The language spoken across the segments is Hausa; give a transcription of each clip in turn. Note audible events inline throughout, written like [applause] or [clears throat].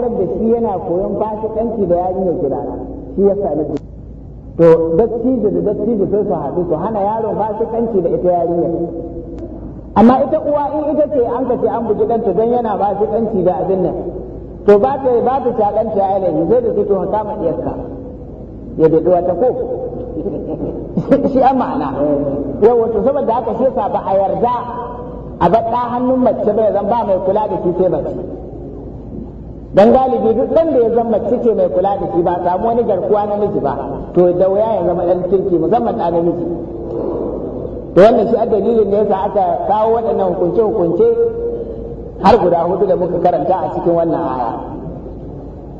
tarar da shi yana koyon fasikanci da yarinyar gida shi ya sami to datti da da sai su haɗu su hana yaron fasikanci da ita yarinyar amma ita uwa in ita ce an ka ce an buji ɗanta don yana fasikanci da abin nan to ba ta ba ta ta ɗanta ya laifi zai da sai ka ma ɗiyarka ya daɗi wata ko [laughs] shi an ma'ana yau wato saboda haka shi ba a yarda a baɗa hannun mace ba zan ba mai kula da shi sai mace dan galibi duk dan da ya zama cike mai kula da shi ba samu wani garkuwa na miji ba to da wuya ya zama dan kirki musamman da miji. to wannan shi a dalilin ne yasa aka kawo waɗannan hukunce hukunce har guda hudu da muka karanta a cikin wannan aya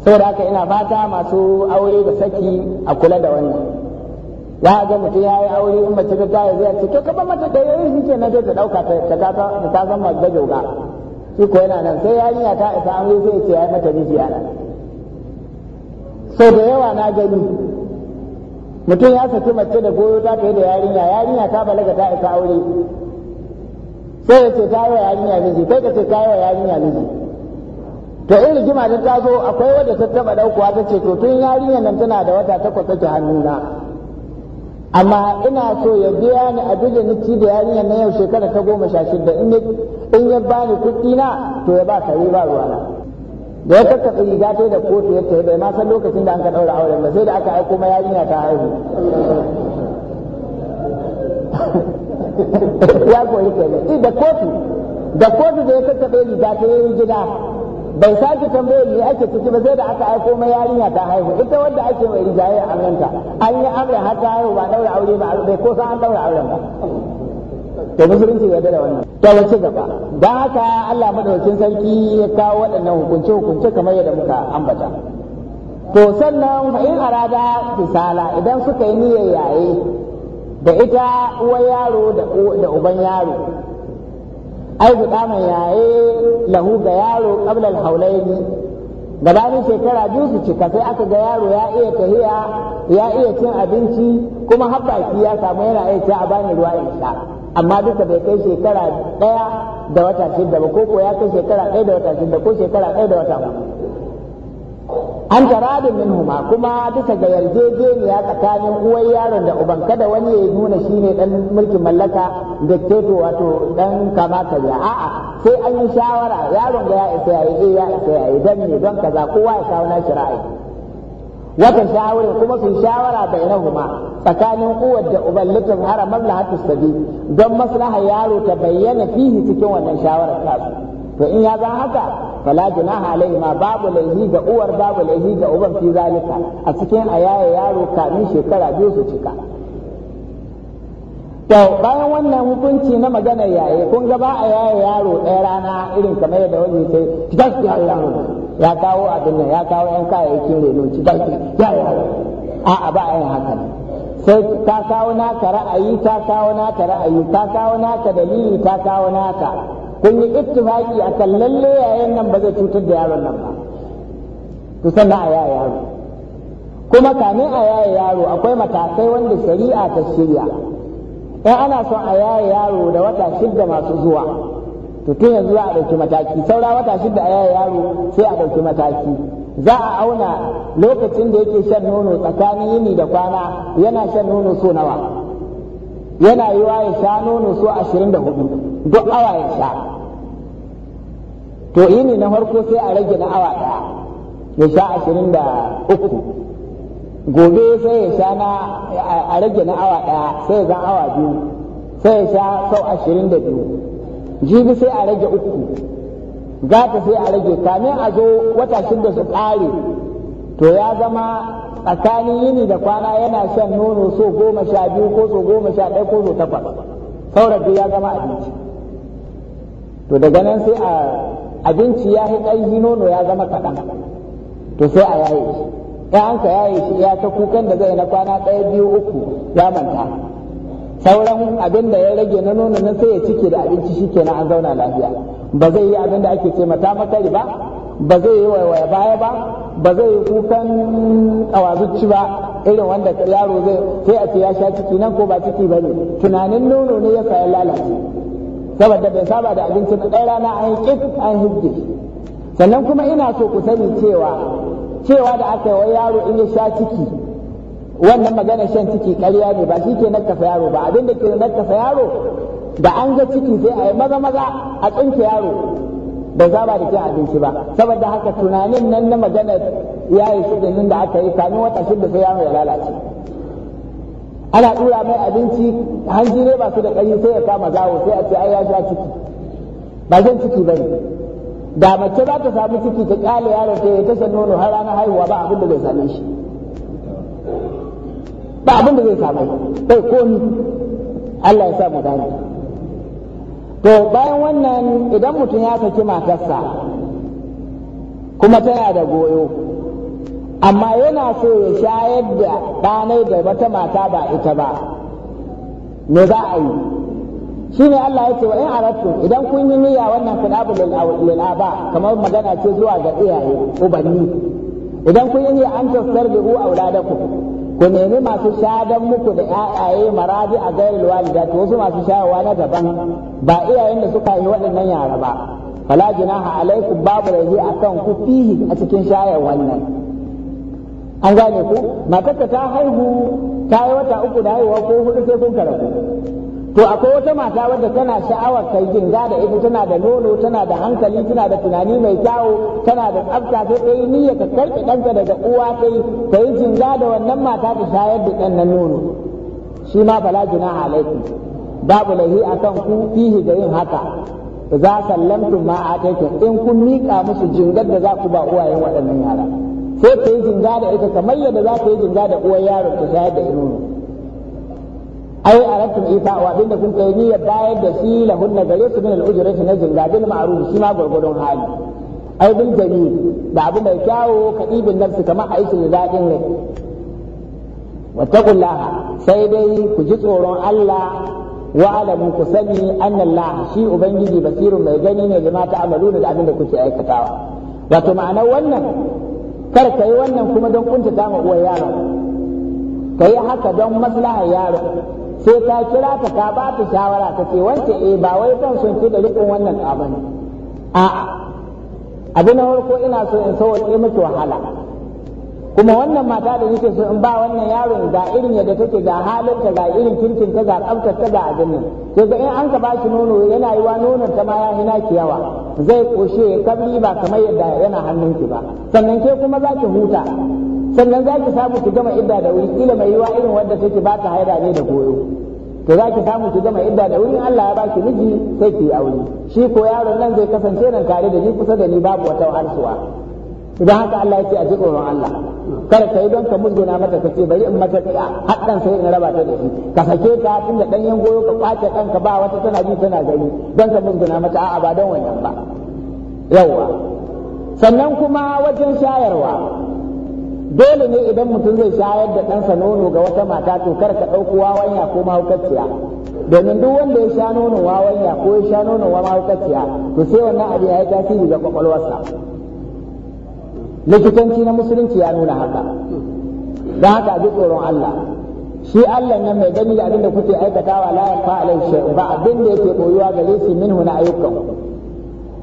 saboda haka ina fata masu aure da saki a kula da wannan ya ga mutum ya yi aure in mace ta ya ziyarci, ce to ka ba mata da yayin shi ke na ta ɗauka ta ta zama gajoga shi ko yana nan sai yarinya ta isa an sai ce ya yi mata miji ana sau da yawa na gani mutum ya saki mace da goyo ta kai da yarinya yarinya ta balaga ta isa aure sai ya ce ta yi wa yarinya miji kai ka ce ta yi wa yarinya miji to in rigima ta zo akwai wadda ta taba ɗaukuwa ta ce to tun yarinyar nan tana da wata takwas take hannuna amma ina so ya biya ni abin da niki da yarinya na yau shekara ta goma sha shida in ya bani kuɗi na to ya ba kare ba na. da ya kakkaɓe riga ta da kotu ya tafi bai ma san lokacin da an ka ɗaura auren ba sai da aka aiko ma yarinya ta haihu [laughs] ya koyi kenan eh, da kotu da kotu da ya kakkaɓe riga ta yi gida bai sake tambayar me ake ciki ba sai da aka aiko mai yarinya ta haihu ita wanda ake mai rijaye a amranta an yi amra har ta haihu ba daura aure ba bai ko san an daura auren ba to musulunci ya da wannan to wace gaba da haka Allah madaukakin sarki ya kawo waɗannan hukunce hukunce kamar yadda muka ambata to sannan fa in arada tisala idan suka yi niyyar yaye da ita uwar yaro da uban yaro ai guda mai yaye lahu ga yaro qablal haulaini gabanin shekara biyu su cika sai aka ga yaro ya iya tahiya ya iya cin abinci kuma haɓaki ya samu yana iya ci a bani ruwa in sha amma duka bai kai shekara ɗaya da wata shidda ba ko ko ya kai shekara ɗaya da wata shidda ko shekara ɗaya da wata an min minhuma kuma bisa ga yarjejeniya tsakanin uwar yaron da uban kada wani ya nuna shi ne dan mulkin mallaka da keto wato dan kama karya a'a sai an yi shawara yaron da ya isa yi eh, ya isa yi dan ne don kaza kowa ya kawo nashi ra'ayi wata shawara kuma sun shawara huma tsakanin uwar da uban litin hara maslahatu sabi don maslaha yaro ta bayyana fihi cikin wannan shawarar tasu to in ya zan haka fala junaha halai ma babu laihi ga uwar babu laihi ga uban fi zalika a cikin ayaye yaro kamin shekara biyu su cika to bayan wannan hukunci na magana yaye kun ga ba a yaye yaro ɗaya rana irin kamar yadda wani sai ki tashi yaye yaro ya kawo abin nan ya kawo yan kayayyakin reno ki tashi yaye yaro a'a ba ayin haka ne sai ta kawo naka ra'ayi ta kawo naka ra'ayi ta kawo naka dalili ta kawo naka kun yi ittifaki a kan lalle yayin nan ba zai cutar da yaron nan ba to sanna a yaya yaro kuma kamin a yaya yaro akwai matakai wanda shari'a ta shirya in ana son a yaya yaro da wata shidda masu zuwa to tun yanzu za a ɗauki mataki saura wata shidda a yaya yaro sai a ɗauki mataki za a auna lokacin da yake shan nono tsakanin yini da kwana yana shan nono so nawa yana wa ya sha nono so ashirin da hudu duk awa ya sha to yini na farko sai a rage na awa ɗaya ya sha ashirin da uku gobe sai ya sha na a rage na awa ɗaya sai ya zan awa biyu sai ya sha sau ashirin da biyu jibi sai a rage uku gata sai a rage kamin a zo wata shida su ƙare to ya zama tsakanin yini da kwana yana shan nono so goma sha biyu ko so goma sha ɗaya ko so takwas saurar ya zama abinci to daga nan sai a abinci ya yi ƙarfi nono ya zama kaɗan to sai a yaye shi ya an ka yaye shi ya ta kukan da zai na kwana ɗaya biyu uku ya manta sauran abin da ya rage na nono nan sai ya cike da abinci kenan an zauna lafiya ba zai yi abin da ake ce mata makari ba ba zai yi waiwaya baya ba ba zai yi kukan kawazuci ba irin wanda yaro zai sai a ce ya sha ciki nan ko ba ciki ba ne tunanin nono ne ya saya lalace saboda bai saba da abinci na ɗaya rana an yi an hibge sannan kuma ina so ku sani cewa cewa da aka yi wa yaro in ya sha ciki wannan magana shan ciki karya ne ba shi ke nakkafa yaro ba abinda da ke nakkafa yaro da an ga ciki sai a yi maza maza a tsinke yaro ba za ba da cin abinci ba saboda haka tunanin nan na maganar yi shida nan da aka yi kamin wata shida sai yaro ya lalace ana dura mai abinci hanji ne ba su da ƙari sai ya kama zawo sai a ce ai ya sha ciki ba zan ciki bane da mace za ta samu ciki ta kyale yaro ta ya tasha nono har ranar haihuwa ba abin da zai same shi ba abin da zai same shi ko ni Allah ya sa mu gane to bayan wannan idan mutum ya saki matarsa kuma tana da goyo amma yana so ya shayar da ɗanai da wata mata ba ita ba me za a yi shi ne Allah ya ce wa in arattu idan kun yi niyya wannan kudabu lil aba kamar magana ce zuwa ga iyaye ubanni idan kun yi niyya an tasarrufu auladakum ku nemi masu shadan muku da ƴaƴaye maradi a gairul walida to wasu masu shayarwa na daban ba iyayen da suka yi waɗannan yara ba fala jinaha alaikum babu laifi akan ku fihi a cikin shayar wannan an gane ku matarka ta haihu ta yi wata uku da haihuwa ko hudu sai kun karaku to akwai wata mata wadda tana sha'awar kai ginga da ita tana da nono tana da hankali tana da tunani mai kyau tana da tsafta sai ta yi niyya ta karɓi ɗanta daga uwa ta yi ta yi ginga da wannan mata ta shayar da ɗan nan nono shi ma bala junaha alaikum babu a akan ku fihi da yin haka za sallamtum ma ataykum in kun miƙa musu jingar da za ku ba uwayen waɗannan yara sai ta yi jinga da ita kamar yadda za ta yi jinga da uwar yaron ta shayar da nono ai arattum isa wa abinda kun kai niyyar bayar da shi lahunna gare su min al-ujrati na jinga bil ma'ruf shi ma gurgurdun hali ai bil jamil da abu mai kyawo kadibin nafsi kama aiki da dadin rai wattaqullaha sai dai ku ji tsoron Allah wa alamu ku sani anna shi ubangiji basirun mai gani ne da mata amaluna da abinda kuke aikatawa wato ma'anar wannan kar kai wannan kuma don kunta ma uwar yaron kai haka don maslahar yaron sai ta kira ta ta ba ta shawara ta ce wance eh ba wai zan son ki da rikon wannan ƙaban a abu na farko ina so in ke miki wahala kuma wannan mata da nake so in ba wannan yaron ga irin yadda take ga halinta ga irin kirkin ta ga tsaftar ta ga abin nan to ga in an ka ba shi nono yana yiwa nonon ta ma ya hina ki yawa zai koshe kabri ba kamar yadda yana hannunki ba sannan ke kuma za ki huta sannan za ki samu ki gama idda da wuri Ila mai yiwa irin wadda take ba ta haida ne da koyo. to za ki samu ki gama idda da wuri Allah ya ba ki miji sai ki aure shi ko yaron nan zai kasance nan tare da ni kusa da ni babu wata harsuwa idan haka Allah yake a ji Allah Kar ka yi don ka musguna mata ka ce bari in mata ka haɗan sai in raba ta da shi ka sake ta tunda ɗanyen goyo ka kwace ɗanka ba wata tana ji tana gani don ka musguna mata a'a ba don wannan ba yawa sannan kuma wajen shayarwa dole ne idan mutum zai shayar da ɗansa nono ga wata mata to kar ka ɗauko wawanya ko mahaukaciya domin duk wanda ya sha wawan wawanya ko ya sha nono wa mahaukaciya to sai wannan abu ya yi tasiri ga kwakwalwarsa likitanci na musulunci ya nuna haka don haka a ji tsoron Allah shi Allah nan mai gani da abin da kuke aikatawa la yanfa alaihi shay'un ba abin da yake koyuwa gare shi minhu na ayyukan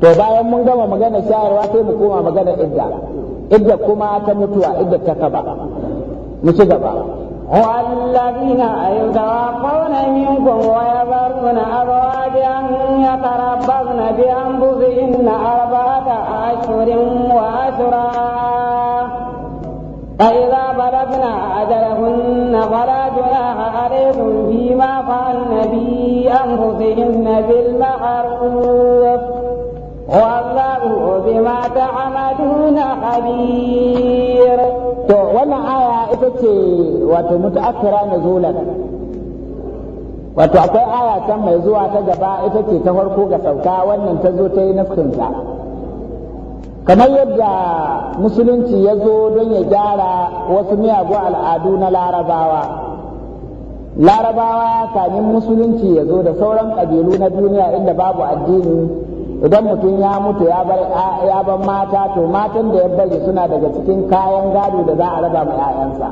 to bayan mun gama magana shayarwa sai mu koma magana idda idda kuma ta mutuwa idda ta kaba mu ci gaba والذين يتوفون منكم ويذرون أزواجا يتربصن بأنفسهن أربعة أشهر فإذا بلغنا أجلهن فلا جناح عليكم فيما فعلن بالمعروف wallahu bima ta'maluna khabir to wannan aya ita ce wato wato akwai aya can mai zuwa ta gaba ita ce ta farko ga sauka wannan ta zo ta yi nafkinsa kamar yadda musulunci ya zo don ya gyara wasu miyagun al'adu na larabawa larabawa kamin musulunci ya zo da sauran ƙabilu na duniya inda babu addini idan mutum ya mutu ya bar ya bar mata to matan da ya bari suna daga cikin kayan gado da za a raba ma 'ya'yansa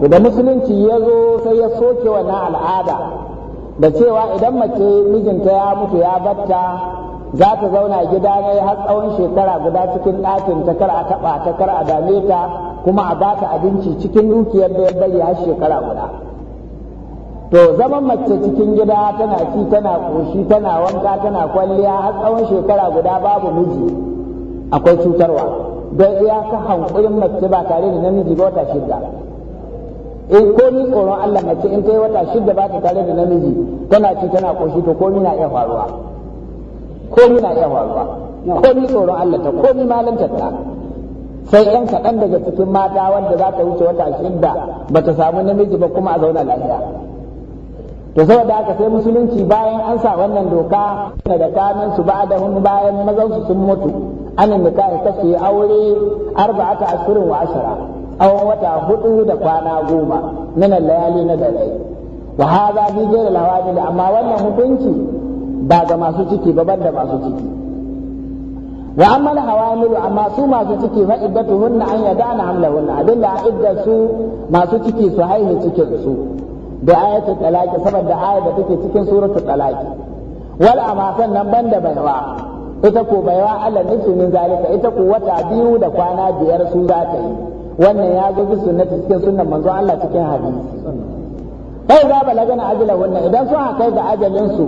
to da musulunci ya zo sai ya soke wannan al'ada da cewa idan mace mijinta ya mutu ya batta za ta zauna gida ne har tsawon shekara guda cikin ɗakin ta kar a taɓa ta kar a dame ta kuma a ba ta abinci cikin dukiyar da ya bari har shekara guda to zaman mace cikin gida tana ci tana koshi tana wanka tana kwalliya har tsawon shekara guda babu miji akwai cutarwa don ka hankulin mace ba tare da namiji ba wata shidda in eh, ko ni tsoron Allah mace in ta yi wata shidda ba ta tare da namiji tana ci tana koshi to komi na iya faruwa komi na iya faruwa komi tsoron Allah ta komi malantar ta sai yan kaɗan daga cikin mata wanda za ta wuce wata shidda ba ta samu namiji ba kuma a zauna lafiya to saboda aka sai musulunci bayan an sa wannan doka da kamin su ba da hun bayan mazan su sun mutu an da kai ta su aure arba'ata ashirin wa ashara aw wata hudu da kwana goma nan layali na dare wa hada bi ghayr da amma wannan hukunci ba ga masu ciki ba banda masu ciki wa amma al amma su masu ciki fa iddatuhunna an yadana hamlahunna abinda iddatu su masu ciki su haihu cikin su da ayatul talaqi saboda ayat da take cikin suratul talaqi wal amma sannan banda baiwa ita ko baiwa Allah nufi min zalika ita ko wata biyu da kwana biyar su za ta yi wannan ya zo bisu na cikin sunnan manzo Allah cikin hadisi kai za balagana ajala wannan idan sun kai ga ajalin su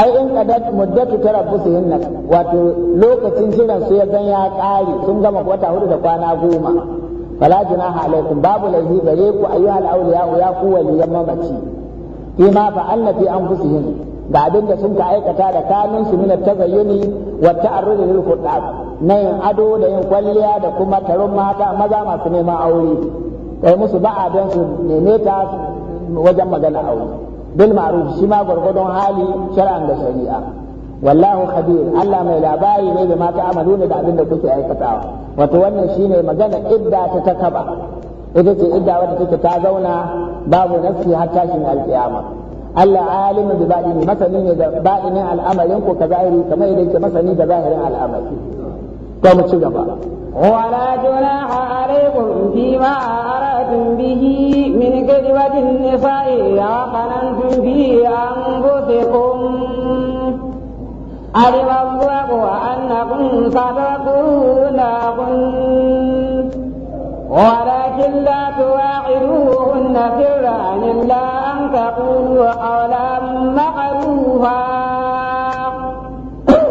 ai in qadat muddatu hinna wato lokacin jiran su ya zan ya kare sun gama wata hudu da kwana goma fala junaha alaikum babu laifi gare ku ayyuhal awliya ya ku waliyan mamaci ima fa anna fi anfusihim ga abin da sun ka aikata da kanun su min tazayyuni wata ta'arrud lil qur'an na yin ado da yin kwalliya da kuma taron mata maza masu neman aure kai musu ba'a don su neme ta wajen magana aure bil ma'ruf shi ma gwargwadon hali shar'an da shari'a wallahu khabir Allah mai labari ne da mata amalu ne da abin da kuke aikatawa wato wannan shine magana idda ta ta kaba. ita ce idda wadda take ta zauna babu nafsi har tashin alkiyama Allah alimu bi baɗini masani ne da baɗinin al'amarin ku ka zahiri kamar idan ke masani da zahirin al'amari to mu ci gaba ولا جناح عليكم فيما أردتم به من كذبة النساء وقننتم به أنفسكم علم الله أنكم سبقونهن ولكن لا تواعدوهن سرا إلا أن تقولوا قولا معروفا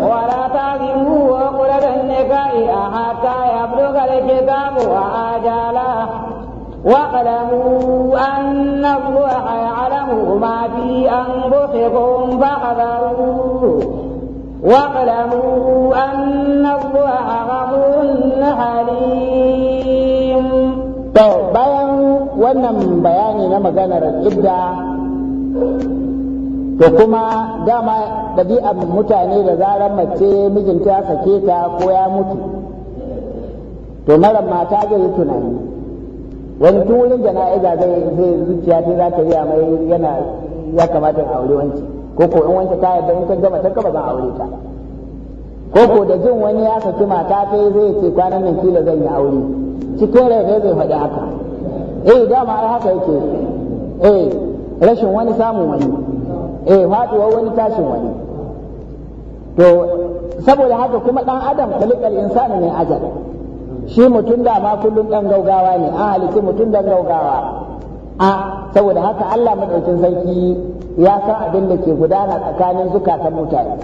ولا تعزموا عقدة النكاح حتى يبلغ الكتاب وأجله واعلموا أن الله يعلم ما في أنفسكم فاحذروه واعلموا أن الله غفور حليم to bayan wannan bayani na maganar idda to kuma dama ɗabi'ar mutane da zarar mace mijinta ya sake ta ko ya mutu to mara mata zai tunani wani tun wurin jana'iza zai zuciya ta za ta yi mai yana ya kamata aure ko in wanke ta yadda in ka gama ta ba zan aure ta ko da jin wani ya saki mata ta zai ce kwanan nan kila zan yi aure cikin rai ne zai faɗi haka eh dama ai haka yake eh rashin wani samun wani eh faɗuwar wani tashin wani to saboda haka kuma dan adam kalikal insani ne ajal shi mutum da ma kullum dan gaugawa ne an halitta mutum dan gaugawa a saboda haka Allah madaukin sarki ya san abin da ke gudana tsakanin zukatan mutane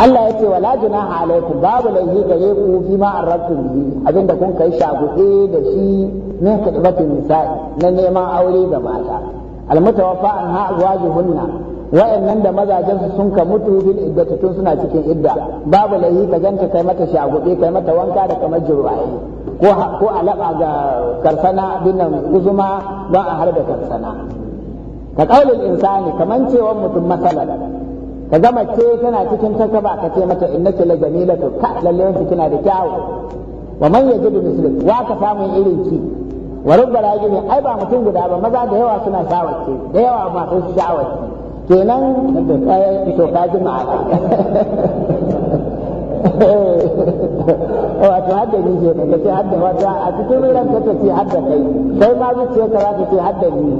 Allah ya ce wala junaha alaikum babu laifi gare ku fi ma arrabtum bihi abinda kun kai shagude da shi min khidmatin nisa'i na neman aure ga mata almutawaffa an ha azwajuhunna wa'annan da mazajen su sun ka mutu bil iddatu suna cikin idda babu laifi ka ganta kai mata shagude kai mata wanka da kamar jurwaye ko a laba ga karsana binan guzuma don a har da karsana ka kaulin insani kaman cewa mutum matsalar ka gama ce tana cikin takaba ka ce mata innaki la jamilatu ka lalle kina da kyawu wa man yajidu mislik wa ka samu irin ki wa rubba ne ai ba mutum guda ba maza da yawa suna shawarce da yawa masu shawarce kenan da eh, kayan to kaji ma'a [laughs] wato hadda ni ke ka ce hadda wata a cikin ran ka ce hadda kai sai ma zuciya ka za ce hadda ni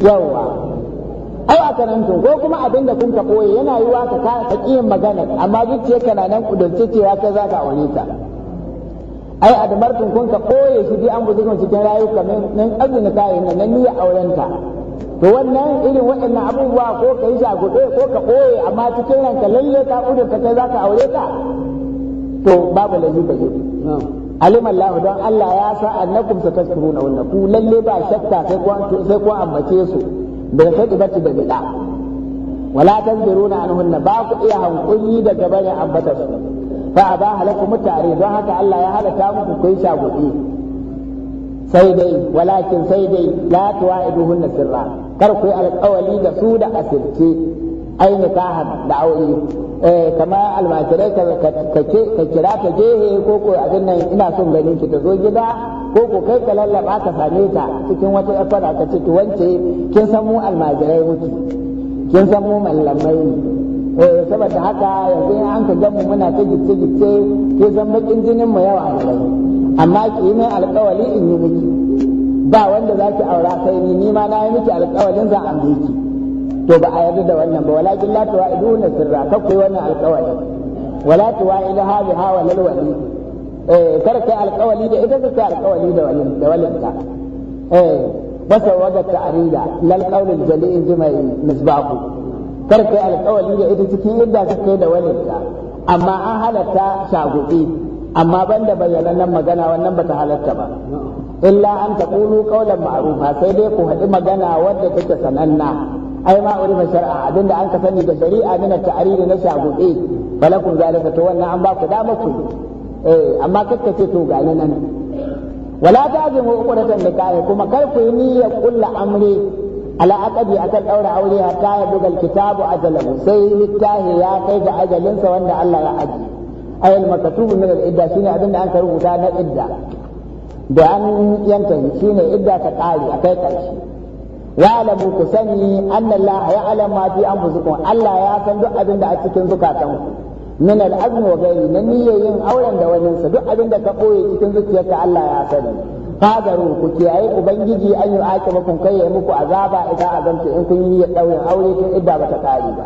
yawa ai a karantun ko kuma abin da kun ka koyi yana yiwa ka ka kiyin magana amma zuciya ka na nan kudurce cewa kai za ka aure ta ai a damartun kun ka koye shi bi an buzukun cikin rayuka nan azumi kayan nan nan niyya auren ta to wannan irin waɗannan abubuwa ko ka yi shaguɗe ko ka ɓoye amma cikin ranka lalle ka ƙudurta kai za ka aure ta to babu lalle ba alim Allah don Allah ya sa annakum satazkuruna wannan ku lalle ba shakka sai ku sai ku ambace su da sai bacci da bid'a wala tazbiruna anhunna ba ku iya hankuri daga bane ambata su fa aba halaku mutare don haka Allah ya halata muku kai shagudi sai dai walakin sai dai la tuwa'iduhunna sirra kar ku yi alƙawali da su da asirce ai nikahan da aure eh kamar almajirai ka kira ta jehe, ko ko abin nan ina son ganin ki ta zo gida ko ko kai ka lallaba ka same ta cikin wata yafara ka ce to wance kin san mu almajirai muke kin san mu mallamai eh saboda haka yanzu in an ka gan muna ta gitse gitse kin san bakin jinin mu yawa amma ki yi min alƙawari in yi miki ba wanda zaki aura sai ni ni ma na yi miki alƙawarin zan ambe ki to ba a yarda da wannan ba walakin la tuwa'iduna sirra kakwai wannan alƙawari wala tuwa'ila ha biha walal wali eh kar kai alƙawari da ita kai alƙawari da walin da walinta eh basa waga ta'rida lal qawlil jali'in jimai misbahu kar kai alƙawari da ita cikin yadda kai da walinta amma an halatta shagudi amma banda bayyanannen magana wannan bata halatta ba illa an taqulu qawlan ma'rufa sai dai ku haɗi magana wadda take sananna ai ma urifa shari'a abinda an ka sani da shari'a min at-ta'riri na shagube falakum zalika to wannan an ba ku dama ku eh amma ce to ga nan wala ta'zimu uqdatan nikahi kuma kar ku yi niyyar kulla amri ala aqdi akan daura aure hatta ya buga kitabu ajalahu sai littahi ya kai ga ajalinsa wanda Allah ya aji ay al-maktub min al-idda shine abinda an ka rubuta na idda da an yanta shine idda ta kare akai karshe ya'lamu ku sani anna Allah ya'lamu ma fi anfusikum Allah ya san duk abin da a cikin zukatanku min al-azmi wa ghayri na niyyayin auren da sa duk abin da ka ɓoye cikin zuciyarka Allah ya sani fadaru ku kiyaye ubangiji an yi ake muku kai ya muku azaba idan azamta in kun yi daurin aure tun idda bata kare ba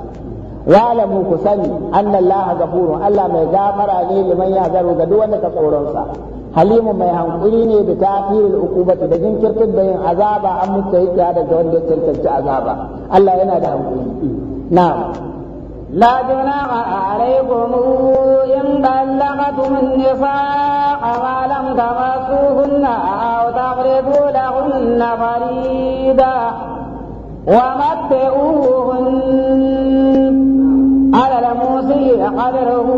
wa'lamu ku sani anna Allah ghafurun Allah mai gafara ne liman ya ga duk wanda ka tsoron sa Halima mai hankuri ne da tafirul ukubati da jinkirtar da yin azaba an mutu yake daga wanda ya cancanci azaba Allah yana da hankuri na'am لا جناح عليكم إن بلغتم النفاق ولم تمسوهن أو تقربوا لهن فريدا ومتئوهن على الموسي قدره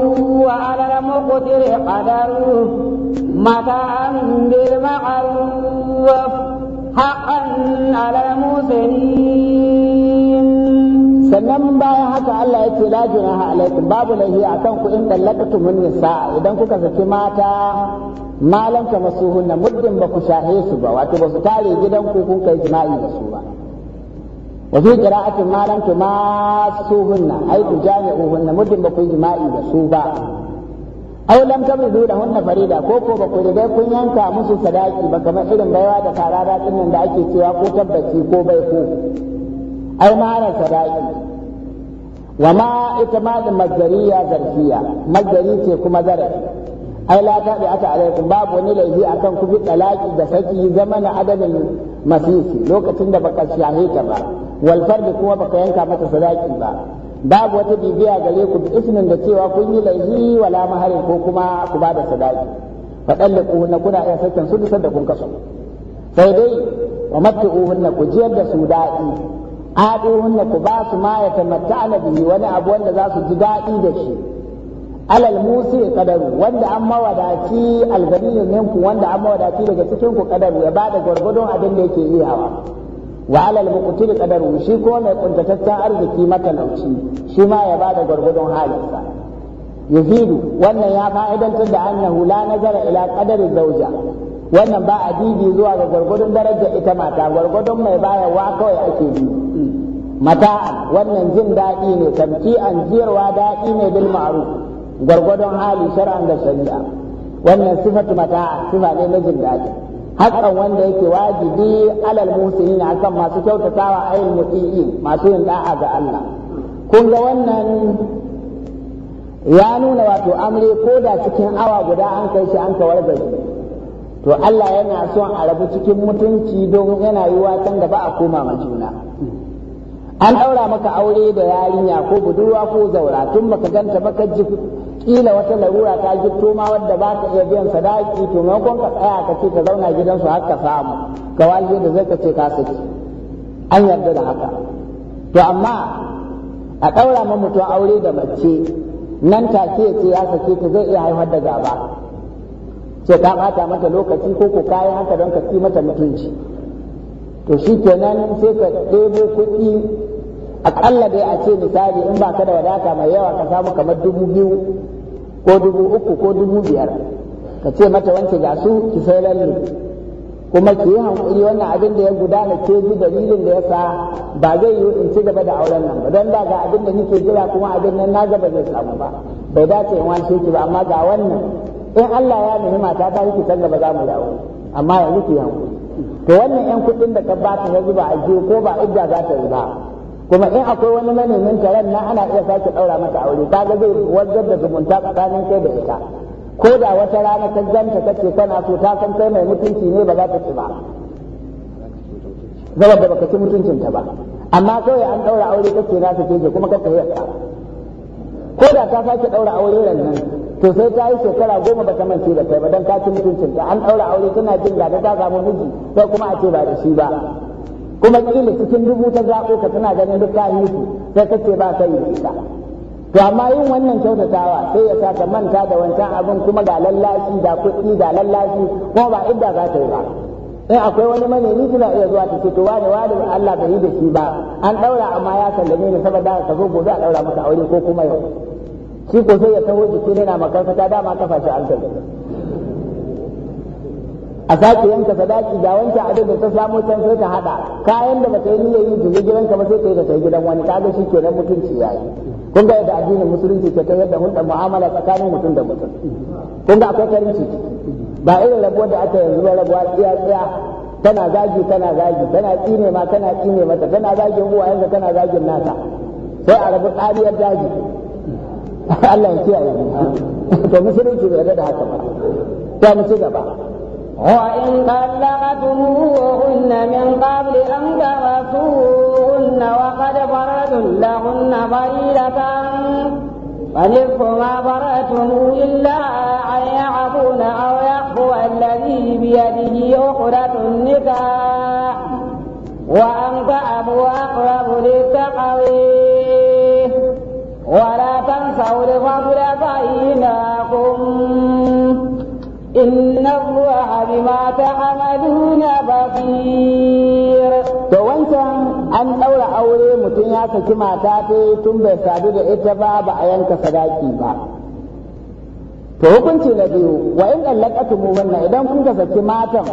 وعلى المقتر قدره متاعا بالمعروف حقا على المسلمين sannan bayan haka Allah ya ce la junaha alaikum babu lahi akan ku in dallaqtum min nisa idan kuka saki mata malam ta masuhunna muddin ba ku shahe su ba wato ba su tare gidan ku kun kai jima'i da su ba wa fi qira'atin malam ta masuhunna ai ku muddin ba ku jima'i da su ba aw lam tabidu da hunna farida ko ko ba ku dai kun yanka musu sadaki ba kamar irin baiwa da karara din nan da ake cewa ko tabbaci ko bai ko ai sadaki wa ma itimadin zarfiya majari ce kuma zarafi ai la ta aka alaikum babu wani laifi akan ku bi talaki da saki zamana adamin masisi lokacin da baka shahe ta ba wal kuma baka yanka mata sadaki ba babu wata bibiya gare ku da ismin da cewa kun yi laifi wala maharin ko kuma ku ba da sadaki faɗan kuna iya sakin su dusar da kun kaso sai dai wa hunna ku jiyar da su daɗi hunna ku ba su ma ya tamatta'na bihi wani abu wanda za su ji daɗi da shi alal musi kadaru wanda an mawadaci alganiyin ninku wanda an mawadaci daga cikin ku kadaru ya ba da gwargwadon abin da yake iyawa wa alal muqtir qadaru shi ko mai kuntataccen arziki matalauci shi ma ya bada gwargwadon halinsa yuzidu wannan ya fa'idantar da annahu la nazara ila qadari zawja wannan ba a bibi zuwa ga gwargwadon darajar ita mata gwargwadon mai bayarwa kawai ake bi Mata'a wannan jin daɗi ne tamki an jiyarwa daɗi ne bil ma'ruf gwargwadon hali shar'an da shari'a wannan sifatu mata'a sifa ne na jin daɗi Hakan wanda yake wajibi alal na akan masu kyautatawa ayin muti'i masu yin da'a ga Allah kun ga wannan ya nuna wato amre ko da cikin awa guda an kai shi an kawar da to Allah yana son a rabu cikin mutunci don yana yiwa can gaba a koma ma juna an ɗaura maka aure da yarinya ko budurwa ko zaura tun baka ganta baka ji kila wata larura ta gito ma wadda ba ka iya biyan sadaki to maimakon ka tsaya ka ce ka zauna gidansu har ka samu ka waje da zai ka ce ka saki an yarda da haka to amma a ɗaura ma mutum aure da mace nan ta ke ce ya saki ta zai iya haifar da gaba ce ka ɓata mata lokaci ko ku kayi haka don ka ci mata mutunci to shi kenan sai ka ɗebo kuɗi aƙalla dai a ce misali in ba ka da wadata mai yawa ka samu kamar dubu biyu ko dubu uku ko dubu biyar ka ce mata wanke gasu su ki sai lalle kuma ki yi hankuri wannan abin da ya gudana ke ji dalilin da ya sa ba zai yi in ci gaba da auren nan ba don da ga abin da nake jira kuma abin nan na gaba zai samu ba bai dace in wance ki ba amma ga wannan in Allah ya nemi mata ta yi can gaba za mu dawo amma yanzu ki hankuri to wannan yan kuɗin da ka ba ta ya zuba a ko ba idda za ta yi ba kuma in akwai wani manemin taron na ana iya sake ɗaura mata aure kaga zai wajar da zumunta tsakanin kai da ita ko da wata rana ka ganta ce, kana so ta san kai mai mutunci ne ba za ta ci ba zama da baka ci mutuncinta ba amma kawai an ɗaura aure kake na ta ce kuma ka ta ko da ta sake ɗaura aure ran to sai ta yi shekara goma ba ta mance da kai ba dan ka ci mutuncinta an ɗaura aure tana jin gada ta samu miji sai kuma a ce ba da shi ba kuma kila cikin dubu ta zaɓo ka tana ganin duk kayan su sai ce ba kai ita to amma yin wannan kyautatawa sai ya sa ka manta da wancan abin kuma ga lallashi da kuɗi da lallashi kuma ba idda za ta yi ba in akwai wani manemi suna iya zuwa ta ce to wani wani Allah bai yi da shi ba an ɗaura amma ya sallame ni saboda ka zo gobe a ɗaura masa aure ko kuma yau shi ko sai ya taho jiki ne na makarfata dama kafa shi an sallame a sake yanka sadaki ga wancan abin da ta samu can sai ta hada kayan da baka yi niyyar yin jirgin gidanka ba sai ta yi da kai gidan wani kaga shi kenan mutunci ya yi? kun ga yadda addinin musulunci ke ta yadda hulɗar mu'amala tsakanin mutum da mutum kun ga akwai ciki? ba irin rabuwar da aka yanzu ba rabuwa tsiya tsiya tana zagi tana zagi tana tsine ma tana tsine mata tana zagin yanzu tana zagin nata sai a rabu tsariyar daji [laughs] Allah ya kiyaye [laughs] to musulunci bai da haka ba ta mu ci gaba وإن طلقتموهن من قبل أن تمسوهن وقد فرضتم لهن فريضة فنصف ما فرضتم إلا أن يعفون أو يعفو الذي بيده أخرة النكاح وأن بما تعملون بصير to wancan an ɗaura aure mutum ya saki mata ta tun bai sadu da ita ba ba a yanka sadaki ba to hukunci na biyu wa in mu wannan idan kun ka saki matan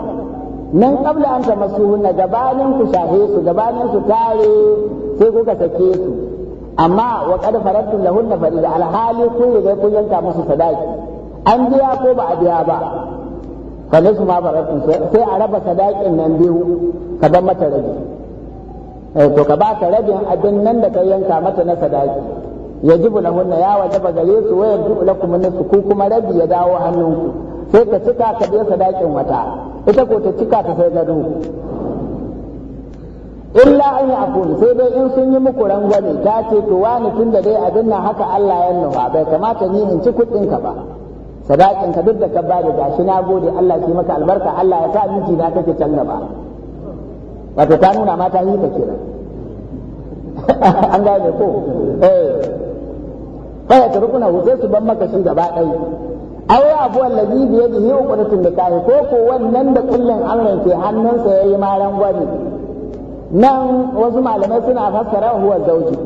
nan qabla an tamassuhunna gabanin ku shahe su gabanin su tare sai kuka sake su amma wa qad faradtum lahunna da alhali kun riga kun yanka musu sadaki an biya ko ba a biya ba su ma faratun sai a raba sadakin nan biyu ka bar mata rabi eh, to ka ba ta rabin abin nan da ka yanka mata na sadaki yajibu lahun ya wajaba gare su wayar yajibu lakum nasu ku kuma rabi ya dawo hannunku sai ka cika ka biya sadakin wata ita ko ta cika ta sai gado illa an yi akuni sai dai in sun yi muku rangwame ta ce to wani tun dai abin nan haka Allah ya nufa bai kamata ni in ci ka ba sadakin ka duk da ka bada gashi na gode Allah ki maka albarka Allah ya sa miki na kake can gaba wato ta nuna mata yi ka kira [laughs] an gane ko eh fa ya turku na wuce su ban maka shi gaba dai aw ya abu allazi bi yadihi uqdatun nikahi ko ko wannan da kullun amran ke hannunsa yayi maran gwani nan wasu malamai suna fassara huwa zauji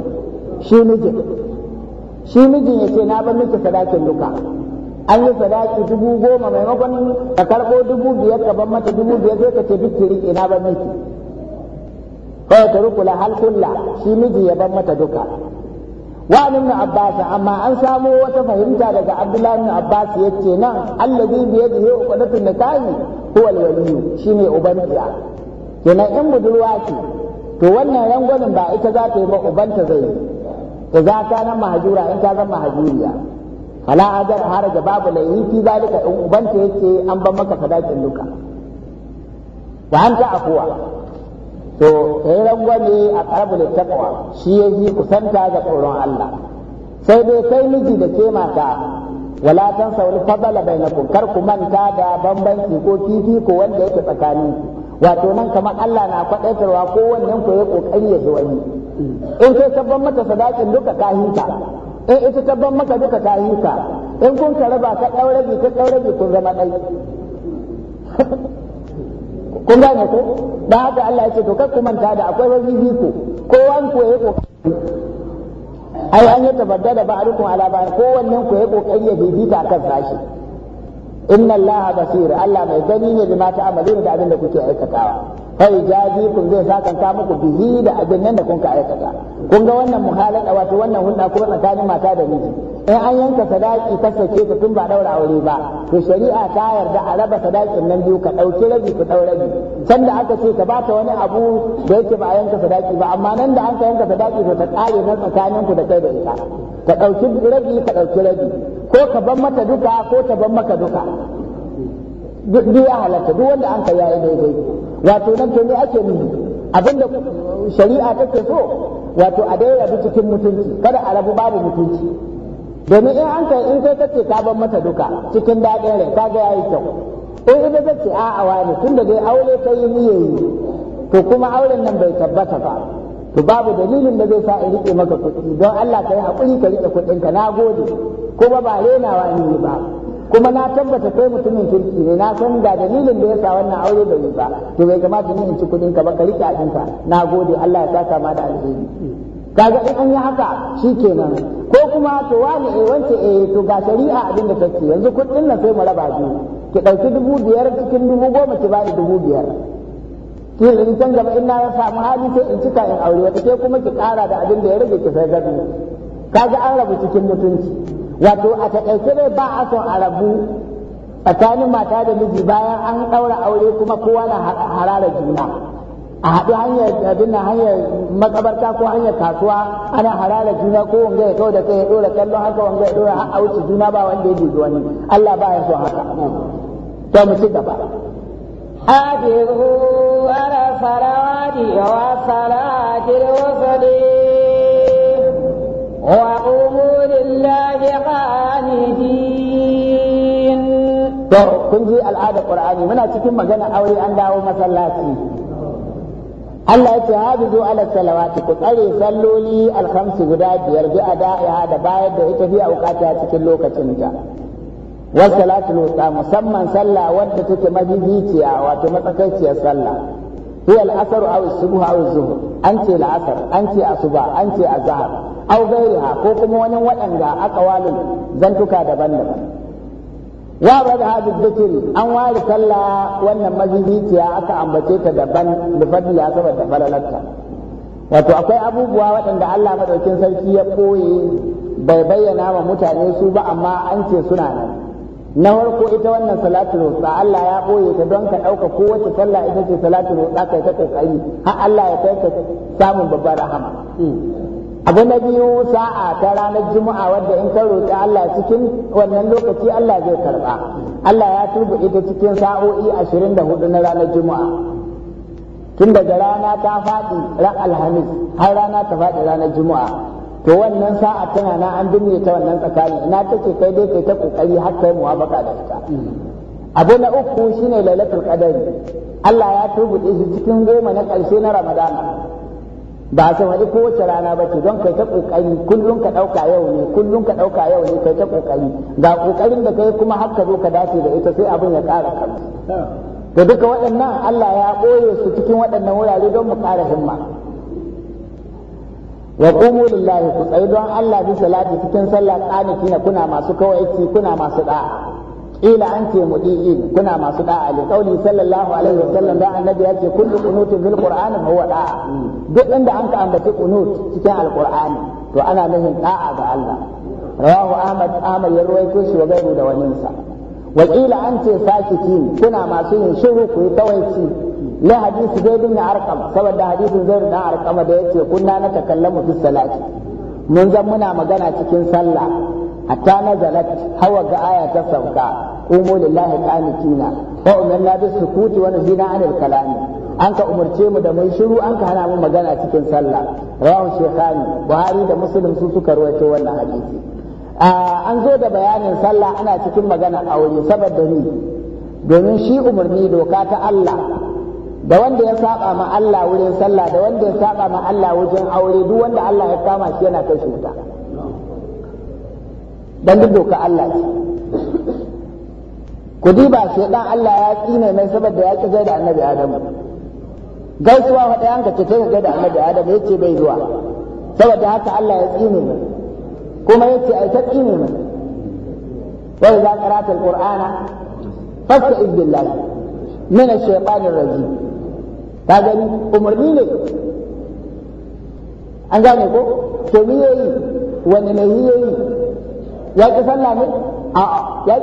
shi mijin shi miji yace na bar miki sadakin duka an yi sadaki dubu goma maimakon ka karɓo dubu biyar ka ban mata dubu biyar sai ka ce duk ina ba miki kawai ta rukula hal kulla shi miji ya ban mata duka wa ibn abbas amma an samo wata fahimta daga abdullahi ibn abbas yace nan allazi bi yadihi uqdatun nikahi huwa alwali shine ubantiya kenan in budurwa ce to wannan rangwamin ba ita za ta yi ba ubanta zai yi ta za ta nan mahajura in ta zama hajuriya. ala ajar haraja babu laihi fi zalika in ubanta yake an ban maka sadakin duka wa anta afuwa to kai rangwame a karabu da takwa shi yafi kusanta ga tsoron Allah sai dai kai miji da ke mata wala tan saul fadala bainakum kar ku manta da bambanci ko kifi ko wanda yake tsakani wato nan kamar Allah na kwadaitarwa ko wannan ku ya kokari ya ji wani in sai sabban mata sadakin duka ka hinta in ita ta ban maka duka ta yi ka in kun ka raba ka ɗaure bi ka ɗaure bi kun zama ɗai [laughs] kun gane ko da haka Allah ya ce to kar ku manta da akwai wani ku ko wan ku yayi kokari ai an yi tabadda da ba'dukum ala ba'd ko wannan ku yayi kokari ya bibita kan sashi inna Allah basir Allah mai gani ne mata amalin da abin da kuke aikatawa kai jaji kun zai sakanta muku bihi da abin nan da kun ka aikata kun ga wannan da wato wannan hunda ko tsakanin mata da miji in an yanka sadaki ta sake ta tun ba daura aure ba to shari'a ta yarda a raba sadakin nan biyu ka dauki rabi ku daura rabi can da aka ce ka bata wani abu da yake ba a yanka sadaki ba amma nan da an ka yanka sadaki to ta kare na tsakanin ku da kai da ita ka dauki rabi ka dauki rabi ko ka ban mata duka ko ta ban maka duka duk ya halatta duk wanda an ka yayi daidai wato nan to me ake abinda shari'a take so wato a daya bi cikin mutunci kada a rabu babu mutunci domin in an kai in kai kace ka bar mata duka cikin daɗin rai ka ga yayi kyau in ita kace a a wani tun da dai aure sai yi yayi yi to kuma auren nan bai tabbata ba to babu dalilin da zai sa in rike maka kuɗi don Allah ka yi hakuri ka rike kuɗinka na gode kuma ba renawa ni ba kuma na tabbata kai mutumin kirki ne na san ga dalilin da yasa wannan aure da yi ba to bai kamata ni in ci kudin ka ba ka rike ka na gode Allah ya saka ma da alheri kaga in an yi haka shi kenan ko kuma to wani eh wance eh to ga shari'a abin da take yanzu kudin nan sai mu raba biyu ki dauki dubu biyar cikin dubu goma ki bani dubu biyar ki in can gaba in na samu hali sai in cika in aure wata ke kuma ki kara da abin da ya rage ki sai gabi kaga an rabu cikin mutunci wato a taƙaice dai ba a son a rabu tsakanin mata da miji bayan an ɗaura aure kuma kowa na harara juna a haɗu hanyar abin na hanyar makabarta ko hanyar kasuwa ana harara juna ko wanda ya kawo da kai ya ɗora kallo haka wanda ya ɗora a wuce juna ba wanda ya ji wani Allah ba ya so haka to mu ci gaba ana أنا فروادي وصلاتي الوصلين وقوموا لله قانتين to kun ji al'adar ƙur'ani, muna cikin magana aure an dawo masallaci Allah ya ce hafizu ala salawati ku tsare salloli alhamsu guda biyar bi ada'iha da bayar da ita a auqatiha cikin lokacin ta wa salatul wusta musamman sallah wadda take mabibiya wato matsakaiciyar sallah هي الأثر او الصبح او الظهر انت العصر انت الصبح انت الظهر او غيرها كوكم وني وأنغا اقوال زنتك دبن وابد هذا الذكر أن وارك الله وان مجلسك يا أكا أمبتيك دبن بفضل يا سبب دبن لك wato akwai abubuwa waɗanda Allah madaukin sarki ya koye bai bayyana wa mutane su ba amma an ce suna nan na farko ita wannan salatu rutsa Allah ya ɓoye ta don ka ɗauka kowace sallah ita ce salatu rusa kai ta kokari har Allah ya kai ka samun babbar rahama abu na biyu sa'a ta ranar juma'a wadda in ka roƙi Allah cikin wannan lokaci Allah zai karɓa Allah ya tuba ita cikin sa'o'i ashirin da hudu na ranar juma'a tun daga rana ta faɗi ran alhamis har rana ta faɗi ranar juma'a to wannan sa'a tana na an binne ta wannan tsakani ina take kai dai kai ta kokari har kai muwafaka da ita abu na uku shine lailatul qadari Allah ya turbuɗe shi cikin goma na ƙarshe na Ramadan. ba sai wani kowace rana ba ce don kai ta kokari kullum ka dauka yau ne kullum ka dauka yau ne kai ta kokari ga kokarin da kai kuma har ka zo ka dace da ita sai abin ya ƙara kansa to duka waɗannan Allah ya ɓoye su cikin waɗannan wurare don mu ƙara himma wa qumu lillahi ku tsayi don Allah bi salati cikin sallah qanitina kuna masu kawaici kuna masu da'a ila an ce mudi'in kuna masu da'a li qauli sallallahu alaihi wasallam da annabi ya ce kullu qunutun fil qur'ani huwa da'a duk inda an ka ambaci kunut cikin alqur'ani to ana nufin da'a ga Allah rawahu ahmad ahmad ya ruwaito shi wa da waninsa wa qila an ce kuna masu yin shiru ku yi kawaici la hadisi zai bin arqam saboda hadisin zai bin arqam da yace kunna na takallamu fi salati mun zan muna magana cikin sallah hatta nazalat hawa ga aya ta sauka umu lillahi qanitina wa umirna bis sukuti wa nahina anil kalami an ka umarce mu da mai shiru an ka hana mu magana cikin sallah rawahu shaykhani buhari da muslim su suka rawaito wannan hadisi an zo da bayanin sallah ana cikin magana aure saboda ni domin shi umarni doka ta Allah da wanda ya saba ma Allah wurin sallah da wanda ya saba ma Allah wajen aure duk wanda Allah ya kama shi yana kai shi wuta dan duk doka Allah ce ku diba shedan Allah ya tsine mai saboda ya ki da annabi Adamu gaisuwa fa ɗayan ka ce ta da annabi Adamu yace bai zuwa saboda haka Allah ya tsine mai kuma yace ai ta tsine mai wa idza qara'ta al-qur'ana fasta'id billahi من الشيطان الرجيم rajim ka umarni ne an gane ko to me yayi wani ne yayi ya sallah ne a ya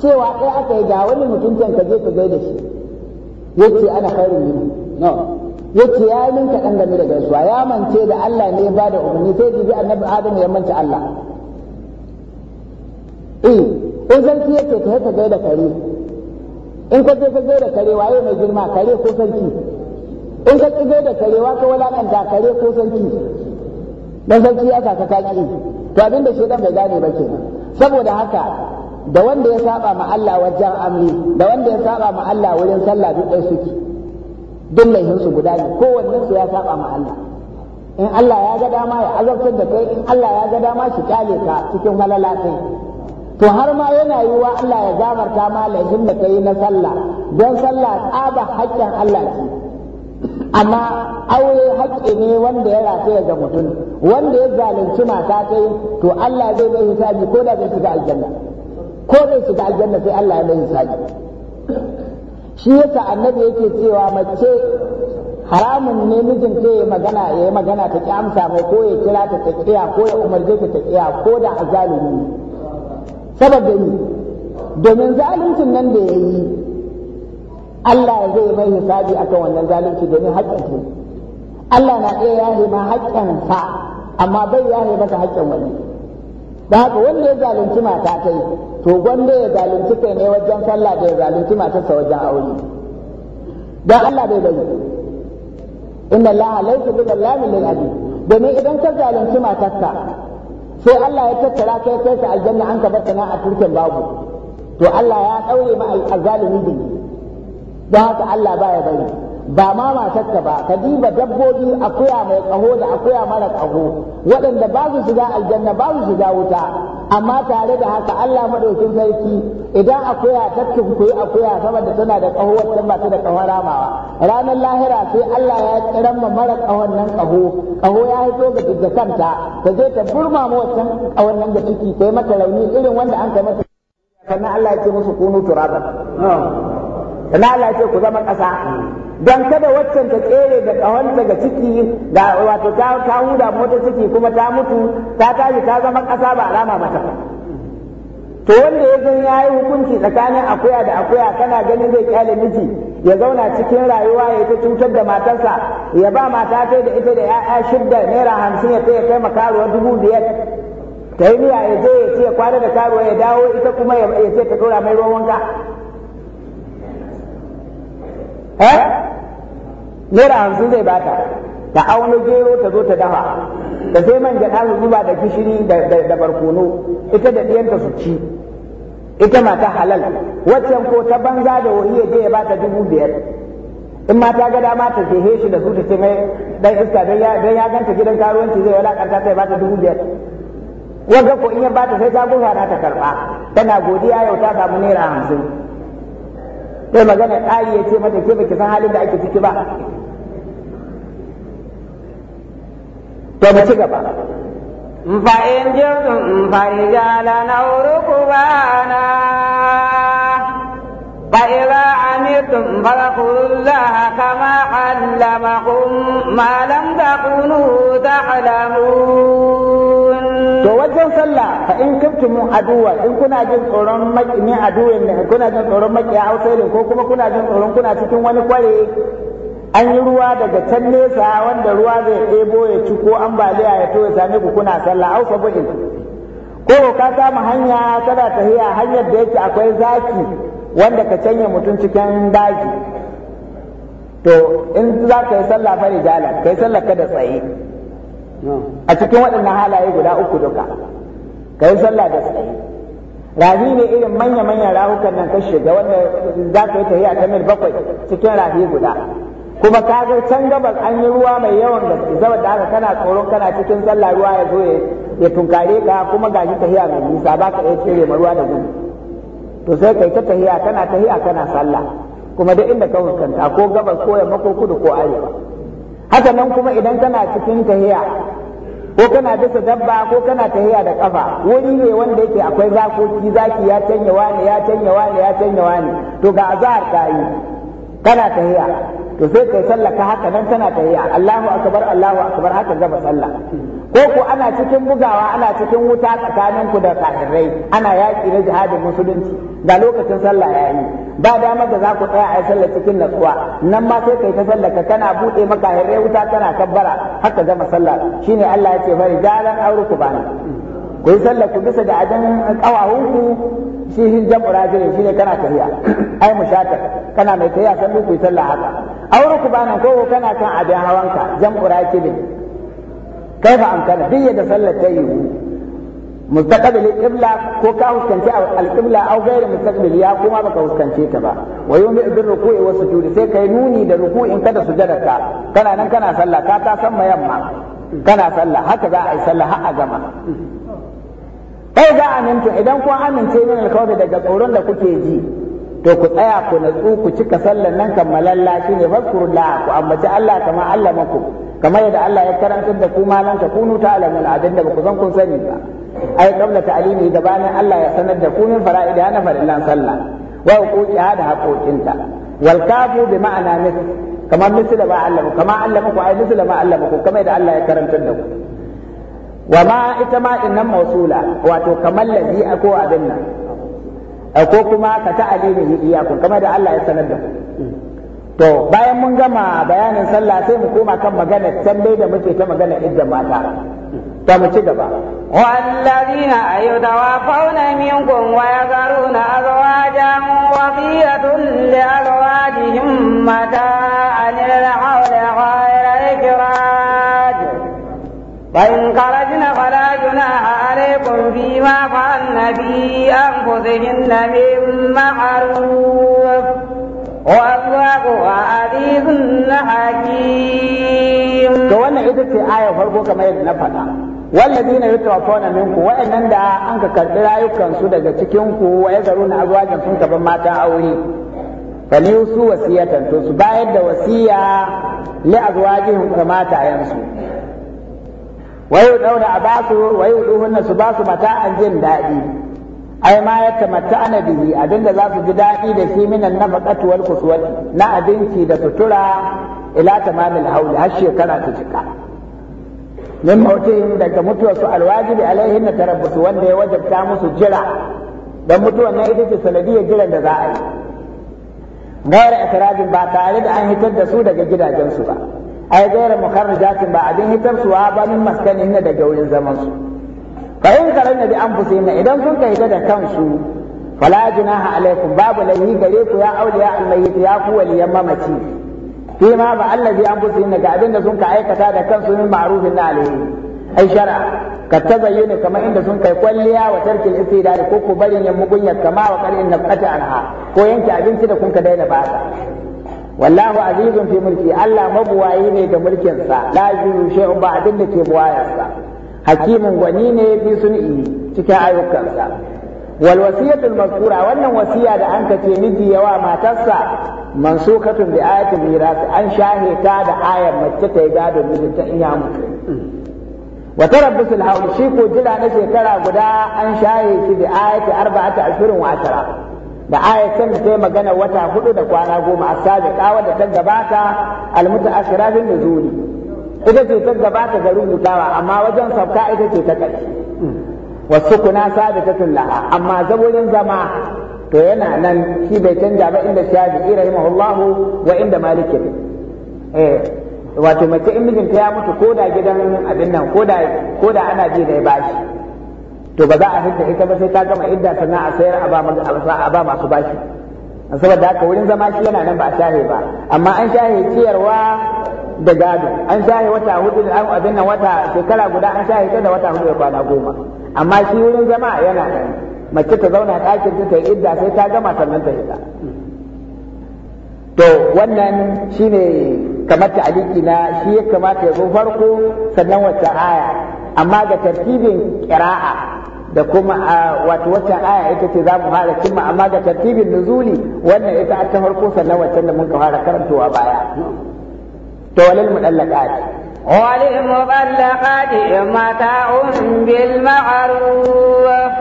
cewa kai aka yi ga wani mutum ka je ka shi yace ana no yace ya ninka ɗan da gaisuwa ya mance da Allah ne ba da umarni sai jibi annabi Adam ya mance Allah eh in sarki yake ta haka gaida kare in ka je ka gaida kare waye mai girma kare ko sarki in ka ki gaida kare wa ka walakanta kare ko sarki dan sarki ya saka kaki to abin da shedan bai gane ba ke saboda haka da wanda ya saba ma Allah wajen amri da wanda ya saba ma Allah wurin sallah duk ɗaya suke duk su guda ne kowanne su ya saba ma Allah in Allah ya ga dama ya azabtar da kai in Allah ya ga dama shi kyale ka cikin halalatai to har ma yana yiwuwa Allah ya gafarta ma laifin da kai na sallah don sallah tsaba haƙƙin Allah ce amma aure haƙƙi ne wanda ya rataya ga mutum wanda ya zalunci mata kai to Allah zai yi hisabi ko da zai shiga aljanna ko zai shiga aljanna sai Allah ya bai hisabi shi yasa annabi yake cewa mace haramun ne mijin ya magana ya yi magana ta ƙi amsa mai ko ya kira ta ta ko ya umarje ta ta ko da a zalumi saboda ni domin zaluncin nan da ya yi Allah zai mai hisabi akan wannan zalunci domin haƙƙin Allah na iya yahe ma haƙƙinsa amma bai yahe maka haƙƙin wani da haka wanda ya zalunci mata kai to gwanda ya zalunci kai ne wajen sallah da ya zalunci matarsa wajen aure dan Allah bai bai inna Allah laysa bi zallamin lil abid domin idan ka zalunci matarka sai Allah ya tattara kai kai ka aljanna an ka bar sana a turken babu to Allah ya daure ma azzalimi da haka Allah baya bari ba ma matarka ba ka diba dabbobi akuya mai kaho da akuya mara kaho waɗanda ba su shiga aljanna ba su shiga wuta amma tare da haka Allah madaukin sarki idan akuya ta tunkuyi akuya saboda tana da kaho wannan ba ta da kaho ramawa ranar lahira sai Allah ya kiran ma mara kahon nan kaho kaho ya hito ga da kanta ta je ta burma ma wannan kahon nan da ciki ta yi mata rauni irin wanda an kai mata sannan Allah ya ce musu kunu turaba sannan Allah ya ce ku zama ƙasa don kada waccan ta tsere da kahon ga ciki da wato ta huda mota ciki kuma ta mutu ta tashi ta zama ƙasa ba alama mata to wanda ya zan ya yi hukunci tsakanin akuya da akuya kana ganin zai kyale miji ya zauna cikin rayuwa ya ta cutar da matarsa ya ba mata ta da ita da 'ya'ya shidda naira hamsin ya ta ya kai makaruwa dubu biyar ta yi miya ya je ya ce kwana da karuwa ya dawo ita kuma ya ce ta tura mai ruwan wanka eh naira hamsin zai bata da auna gero ta zo ta dafa da sai man gyaɗa zuba da gishiri da barkono ita da ɗiyanta su ci ita ma ta halal waccan ko ta banza da wuri ya je ya bata dubu biyar in ma ta ga dama ta jehe shi da su ta ce mai dan iska dan ya ganta gidan karuwanci zai wulakanta ta ba ta dubu biyar wanda ko in ya bata sai ta gurfa na ta karba tana godiya yau ta samu naira hamsin sai magana ƙari ya ce mata ke baki san halin da ake ciki ba to mu ci gaba fa in ji sun fari jala na wuri ku ba na ba ila ami sun fara kula haka kunu ta halamu to wajen sallah fa in kuntum aduwa in kuna jin tsoron ne aduwan ne kuna jin tsoron a ausailin ko kuma kuna jin tsoron kuna cikin wani kware an yi ruwa daga can nesa wanda ruwa zai ebo ya ci ko ambaliya ya to ya same ku kuna sallah hausa sabu'in ko ka samu hanya ta hiya hanyar da yake akwai zaki wanda ka canye mutum cikin daji to in za ka yi sallah fa rijala kai sallah kada tsaye a cikin waɗannan halaye guda uku duka ka yi sallah da tsaye rahi ne irin manya manyan rahukan nan ka ga wanda za ka yi tahiya ta mil bakwai cikin rahi guda kuma ka ga can gabas an yi ruwa mai yawan daga-zaba saboda haka kana tsoron kana cikin sallah ruwa ya zo ya tunkare ka kuma ga shi tafiya mai nisa ba ka iya cire ma ruwa da gudu to sai kai ta tahiya kana tahiya kana sallah kuma duk inda ka fuskanta ko gabas ko yamma ko kudu ko arewa haka nan kuma idan kana cikin tahiya ko kana bisa dabba ko kana tahiya da kafa wuri ne wanda yake akwai zakoki zaki ya canya wani ya canya wani ya canya wani to ga azhar kai kana tahiya to sai kai sallaka haka nan tana tayya Allahu akbar Allahu akbar haka gaba sallah ko ku ana cikin bugawa ana cikin wuta tsakanin ku da kafirai ana yaki na jihadin musulunci da lokacin sallah yayi ba dama da za ku tsaya a sallah cikin natsuwa nan ma sai kai ta sallaka kana bude maka wuta kana kabbara haka gama sallah shine Allah ya ce fa aure ku bana ku yi sallar ku bisa da adan kawawunku shi jam'ura jam'u shi ne kana tafiya ai mushata kana mai tafiya san ku yi sallah haka aure ku bana ko kana kan adan hawanka jam'u rakibin kaifa amkana duk da sallar ta yi mustaqbil qibla ko ka huskanci al-qibla aw ghayr mustaqbil ya kuma baka huskance ta ba wa yumi bil ruku'i wa sujudi sai kai nuni da ruku'in ka da sujadarka kana nan kana sallah ka ta san yamma kana sallah haka za a yi sallah har a gama ai za a amintu idan kun amince min alkawari daga tsoron da kuke ji to ku tsaya ku natsu ku cika sallan nan kammalalla shine fadkurullah ku ambaci Allah kamar Allah maku kamar yadda Allah ya karantar da ku malan ta kunu ta'lamun abin da ku zan kun sani ba ai qabla ta'limi gabanin Allah ya sanar da ku min fara'ida na farillan sallah wa huquqiha da haƙoƙinta wal kafu bi ma'ana mithl kamar misla ma allamaku kamar allamaku ai misla ma allamaku kamar yadda Allah ya karantar da ku wa ma ita ma innan mausula wato kamar lazi a ko abin nan ko kuma ka ta alimihi iyakun kamar da Allah ya sanar da ku to bayan mun gama bayanin sallah sai mu koma kan magana san dai da muke ta magana idda mata ta mu ci gaba والذين يتوفون منكم ويذرون أزواجا وصية لأزواجهم متاعا إلى الحول فإن خرجنا فلا جناح عليكم فيما فعلن في أنفسهن من معروف والله عزيز حكيم. To wannan ita ce aya farko kamar yadda والذين يتوفون منكم وإن دا أنك كربي رايكم سودا جتكينكم ويزرون أزواجا سنك بماتا تأوي فليوصوا وصية تنتوس بايد وصية لأزواجهم كما تأينسوا wayu dauna a basu wayu duhunna su basu mata an jin daɗi ai ma ya tamatta bihi abinda za su ji daɗi da shi minan nafaqatu wal kuswati na abinci da sutura ila tamamil hauli har shekara ta cika min mautihim daga mutuwar su alwajibi alaihin na tarabbusu wanda ya wajabta musu jira dan mutuwar na ita ce sanadiyar jiran da za a yi gaira ba tare da an hitar da su daga gidajensu ba ai gaira mukarrajatin ba abin hitarsuwa ba min maskanin na daga wurin zaman su fa in karanna bi anfusihim idan sun kai da kansu fala junaha alaikum babu laihi gare ku ya auliya almayyit ya ku waliyan mamaci fi ma ba allazi anfusihim ga abin da sun ka aikata da kansu min ma'rufin na alaihi ai shar'a ka tabayyana kamar inda sun kai kwalliya wa tarkil istidari ko ku barin yan mugunyar kama wa qalin nafqata anha ko yanke abinci da kun ka daina ba wallahu azizun fi mulki Allah mabuwayi ne da mulkin sa la yuzu shay'un ba abin da ke buwayar sa hakimin gwani ne bi sun'i cikin ayyukan sa wal wasiyatul mazkura wannan wasiya da an kace miji yawa matarsa mansukatun bi ayatul miras an shahe ta da ayar mace ta yi gadon mijinta in ya mutu wa tarabbusul hawl shi ko jira na shekara guda an shahe shi bi ayati arba'ati ashirin wa da ayatan da ta magana wata hudu da kwana goma a sabiqa da ta gabata almutaakhira da nuzuli ita ce ta gabata ga rubutawa amma wajen sauka ita ce ta ƙarshe wasu kuna ta laha amma zaburin zama to yana nan shi bai canja ba inda shafi'i rahimahullahu wa inda maliki eh wato mace in mijinta ya mutu ko da gidan abin nan ko da ana ji da ya bashi to ba za a fita ita ba sai ta gama idda sannan a sayar a ba masu bashi saboda haka wurin zama shi yana nan ba a shahe ba amma an shahe ciyarwa da gado an shahe wata hudu da abin nan wata shekara guda an shahe ta da wata hudu da kwana goma amma shi wurin zama yana nan mace ta zauna ɗakin ta yi idda sai ta gama sannan ta hita to wannan shine kamar ta aliki na shi ya kamata ya zo farko sannan wata aya amma ga tartibin kira'a da kuma a wato waccan aya ita ce za mu fara cimma amma ga tartibin nuzuli wannan ita ta farko sannan waccan da muka fara karantowa baya to walil mudallaqat walil mudallaqat mata'un bil ma'ruf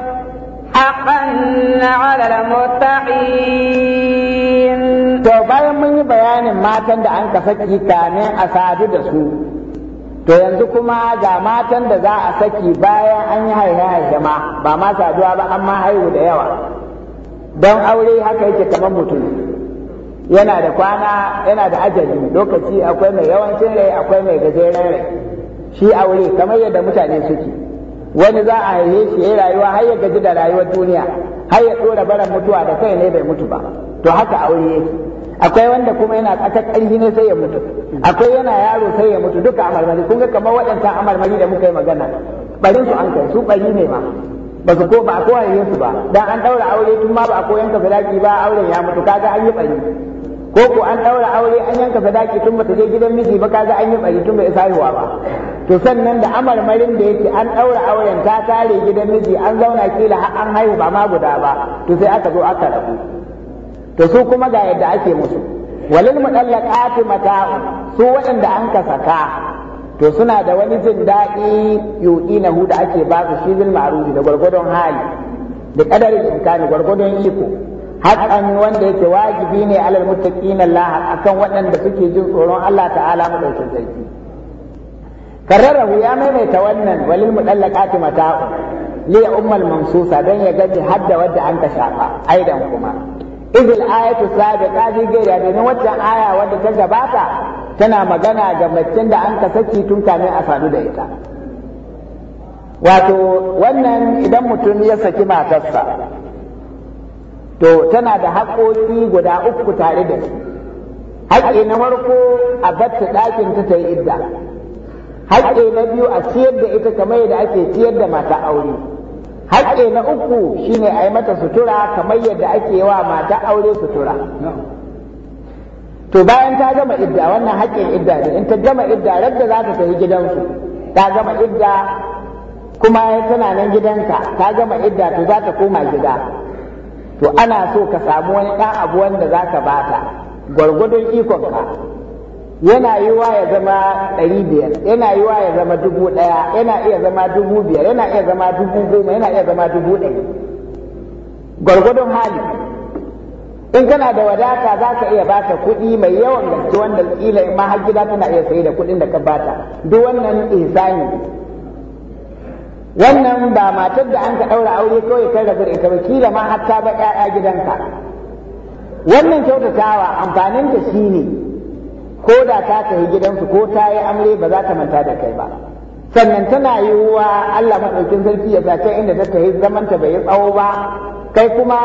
haqqan 'ala al muttaqin to bayan mun yi bayanin matan da an ka saki a sadu da su to yanzu kuma ga matan da za a saki bayan an yi haina haina ma ba ma saduwa ba amma haihu da yawa don aure haka yake kamar mutum yana da kwana yana da ajali lokaci akwai mai yawancin rai akwai mai gajeren rai shi aure kamar yadda mutane suke wani za a haife shi ya rayuwa har ya gaji da rayuwar duniya har ya ɗora baran mutuwa da kai ne bai mutu ba to haka aure yake akwai wanda kuma yana tsakar ƙarfi ne sai ya mutu akwai yana yaro sai ya mutu duka amarmari kun ga kamar waɗancan amarmari da muka yi magana barin su an kai su bari ne ma ba su ko ba a kowaye su ba dan an ɗaura aure tun ma ba a koyan ka sadaki ba auren ya mutu kaga an yi bari ko ko an ɗaura aure an yanka sadaki tun ba ta je gidan miji ba kaga an yi bari tun bai isa haihuwa ba to sannan da amarmarin da yake an ɗaura auren ta tare gidan miji an zauna kila har an haihu ba ma guda ba to sai aka zo aka rabu to su kuma ga yadda ake musu walil mutallaqati mata'u su waɗanda an ka saka to suna da wani jin daɗi na da ake ba su shi bil ma'ruf da gargadon hali da kadarin imkani gargadon iko haƙan wanda yake wajibi ne alal muttaqina Allah akan waɗanda suke jin tsoron Allah ta'ala dauke sarki Kararrahu ya maimaita wannan walil mutallaqati mata'u li ummal mansusa dan ya gaji hadda wadda an ka shafa aidan kuma izil ayatu sabiqa bi da domin waccan aya wadda ta gabata tana magana ga macen da an ka saki tun kame a sadu da ita wato wannan idan mutum ya saki matarsa to tana da haƙoƙi guda uku tare da shi haƙƙi na farko a batta ɗakinta ta yi idda haƙƙi na biyu a ciyar da ita kamar yadda ake ciyar da mata aure haƙƙi na uku shine a yi mata sutura kamar yadda ake wa mata aure sutura to bayan ta gama idda wannan haƙƙin idda ne in ta gama idda radda za ta tafi gidansu ta gama idda kuma tana nan gidanka ta gama idda to za ta koma gida to ana so ka samu wani ɗan abu wanda za ka bata gwargwadon ikonka yana yi wa ya zama ɗari biyar yana yi wa ya zama dubu ɗaya yana iya zama dubu biyar yana iya zama dubu goma yana iya zama dubu ɗari gwargwadon hali in kana da wadata za ka iya bata kuɗi mai yawan gaske wanda kila ma har gida tana iya sayi da kuɗin da ka bata duk wannan ihsani wannan ba matar da an ka ɗaura aure kawai kai rabu da ita ba kila ma har ta ba 'ya'ya gidanka wannan kyautatawa amfaninta shine ko da ta tafi gidansu ko ta yi amre ba za ta manta da kai ba sannan tana yiwuwa Allah maɗaukin sarki ya sace inda ta tafi zaman ta bai tsawo ba kai kuma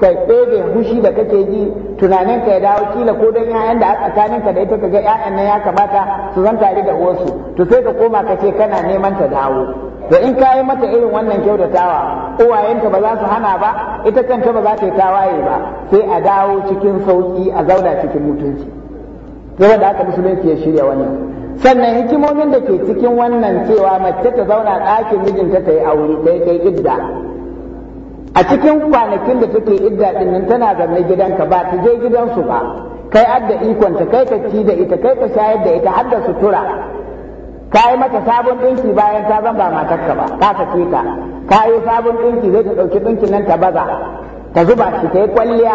ka tsebe hushi da kake ji tunanin ka ya dawo kila ko dan 'ya'yan da a tsakanin ka da ita kaga 'ya'yan nan ya kamata su zan tare da uwarsu to sai ka koma ka ce kana neman ta dawo da in ka yi mata irin wannan kyautatawa uwayenta ba za su hana ba ita kanta ba za ta yi tawaye ba sai a dawo cikin sauki a zauna cikin mutunci sai da aka musulunci ya shirya wani sannan hikimomin da ke cikin wannan cewa mace ta zauna ɗakin mijinta ta yi aure ɗaya ta idda a cikin kwanakin da take idda ɗin nan tana zanne gidanka ba ta je gidansu ba kai adda ikonta kai ka ci da ita kai ka shayar da ita har da sutura ka yi mata sabon ɗinki bayan ta zamba ba matarka ba ka sake ta ka yi sabon ɗinki zai ta ɗauki ɗinkin nan ta baza ta zuba shi ta yi kwalliya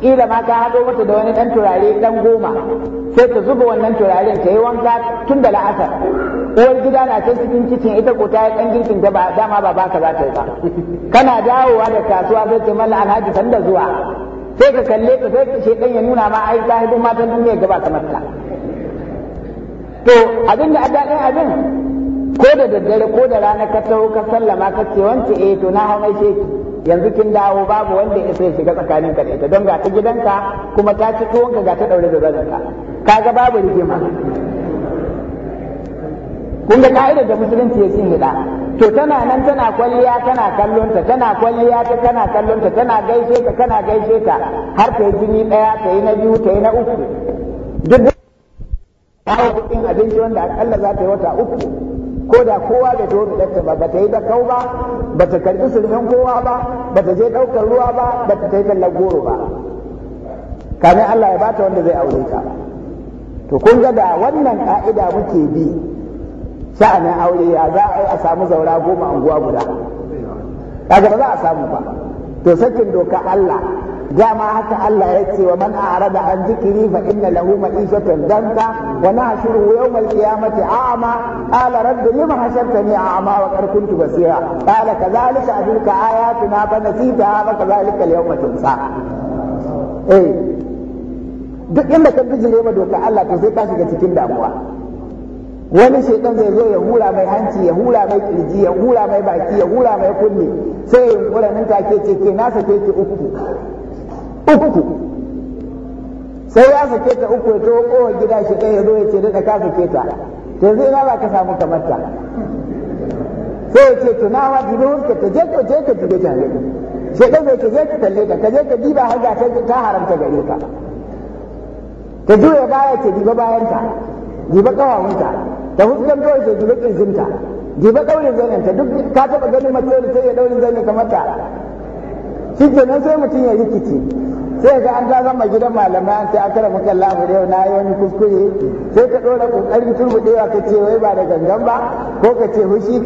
kila ma ka haɗo mata da wani ɗan turare ɗan goma sai ta zuba wannan turaren ta yi wanka tun da la'asar uwar gida na can cikin kicin ita ko ta yi ɗan girkin ta ba dama ba baka za ta yi ba kana dawowa da kasuwa sai ce mallan alhaji sanda zuwa sai ka kalle ka sai ɗan ya nuna ma ai ta haifin matan duniya gaba ta mata to abin da a daɗin abin ko da daddare ko da rana ka taho ka sallama ka ce wance eh to na hau mai sheki yanzu kin dawo babu wanda ya sai shiga tsakanin ka da ita don ga ta gidanka kuma ta ci tuwonka ga ta daure da zanen kaga babu rigima kun ga ka'idar da musulunci ya sin hida to tana nan tana kwalliya tana kallonta tana kwalliya ta kallonta tana gaishe ta tana gaishe ta har ta jini ɗaya, ta yi na biyu ta yi na uku duk da kawo kuɗin abinci wanda akalla za ta yi wata uku ko da kowa da to ruɗarta ba bata yi da kau ba bata karbi sulhin kowa ba bata je ɗaukar ruwa ba bata ta yi tallar goro ba kamar Allah ya bata wanda zai aure ta to kun ga da wannan ka'ida muke bi sha'anin aure ya za a yi a samu zaura goma unguwa guda kaga ba za a samu ba to sakin doka Allah dama haka Allah ya ce wa man arada an zikiri fa inna lahu ma'ishatan danka wa nahshuruhu yawm al-qiyamati a'ma qala rabbi lima hashartani a'ma wa qad kuntu basira qala kadhalika atilka ayatuna fa nasitaha wa kadhalika al-yawma tunsa eh duk inda ka bijire ma doka Allah to sai ka shiga cikin damuwa wani shaitan zai zo ya hura mai hanci ya hura mai kirji ya hura mai baki ya hura mai kunne sai ya hura nan take ce ke nasa ke uku uku sai ya sake ta uku ya to kowa gida shi ɗaya ya zo ya ce daɗa ka sake ta to yanzu ina ba ka samu kamar ta sai ya ce tunawa dubi huska ta je ka je ka dubi ta shi ɗan bai ka je ka talle ta ka je ka diba har ga ta haramta gare ka ta juya baya ce diba ta diba ƙawawunta ta ta huskanto ce diba ta diba ɗaurin ta duk ka taɓa ganin mace da sai ya ɗaurin zanen kamar ta shi nan sai mutum ya rikici sai ga an ta zama gidan malamai an sai akara maka lafi da yau na yi wani kuskure sai ka dora kokari turbudewa ka ce wai ba da gangan ba ko ka ce hushi yi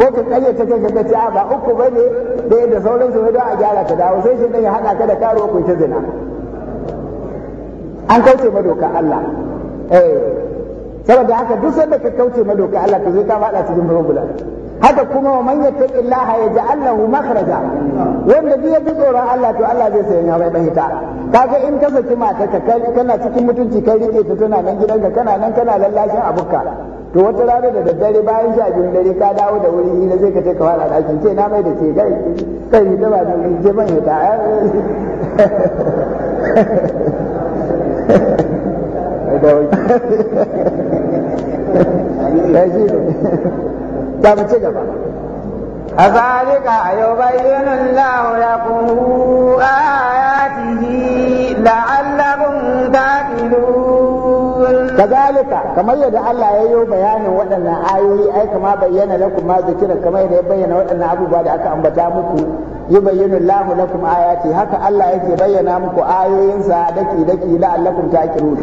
ko ka karya ta kai ka ce a ba uku ba ne da yadda sauran su don a gyara ta dawo sai shi dan ya haɗa ka da karo ko ta zina an kauce madoka Allah eh saboda haka duk sanda ka kauce madoka Allah ka zo ka faɗa cikin bulan haka kuma wa laha ya ji lahu makaraja wanda duk ya tsoron Allah to Allah zai sanya mai ta kaga in ka saki mata ka kana cikin mutunci kai rike ta tana nan gidanka kana nan kana lallashin abuka to wata rana da daddare bayan sha biyun dare ka dawo da wuri hira zai ka taka ka fara ɗakin ce na mai da ce kai ni hita ba nan je ban hita da [laughs] [laughs] Kazalika. mu kamar yadda Allah ya yi bayanin waɗannan ayoyi ai kama bayyana lakum ma zikira kamar yadda ya bayyana waɗannan abubuwa da aka ambata muku yi bayyana Allahu lakum ayati haka Allah yake bayyana muku ayoyinsa daki daki la'allakum takilu.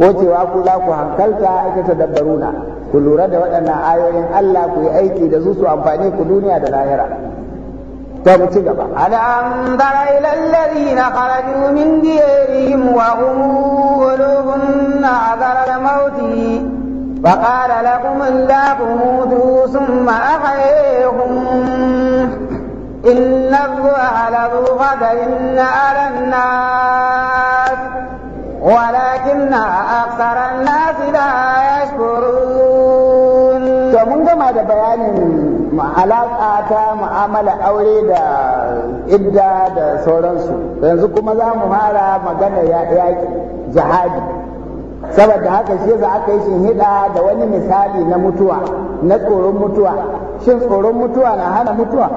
Wacewa ku za ku hankalta ake tadabbaruna. ku lura da waɗannan ayoyin Allah ku yi aiki da su su amfani ku duniya da lahira ta mu ci gaba alam dara ila alladhina kharaju min diyarihim wa hum qulubun azara al-maut fa qala lahum ولكن أكثر الناس لا يشكرون bayanin alaƙa ta mu'amala aure da idda da sauransu yanzu kuma za mu fara magana yaƙi jihadi saboda haka shi za aka yi hida da wani misali na mutuwa na tsoron mutuwa shin tsoron mutuwa na hana mutuwa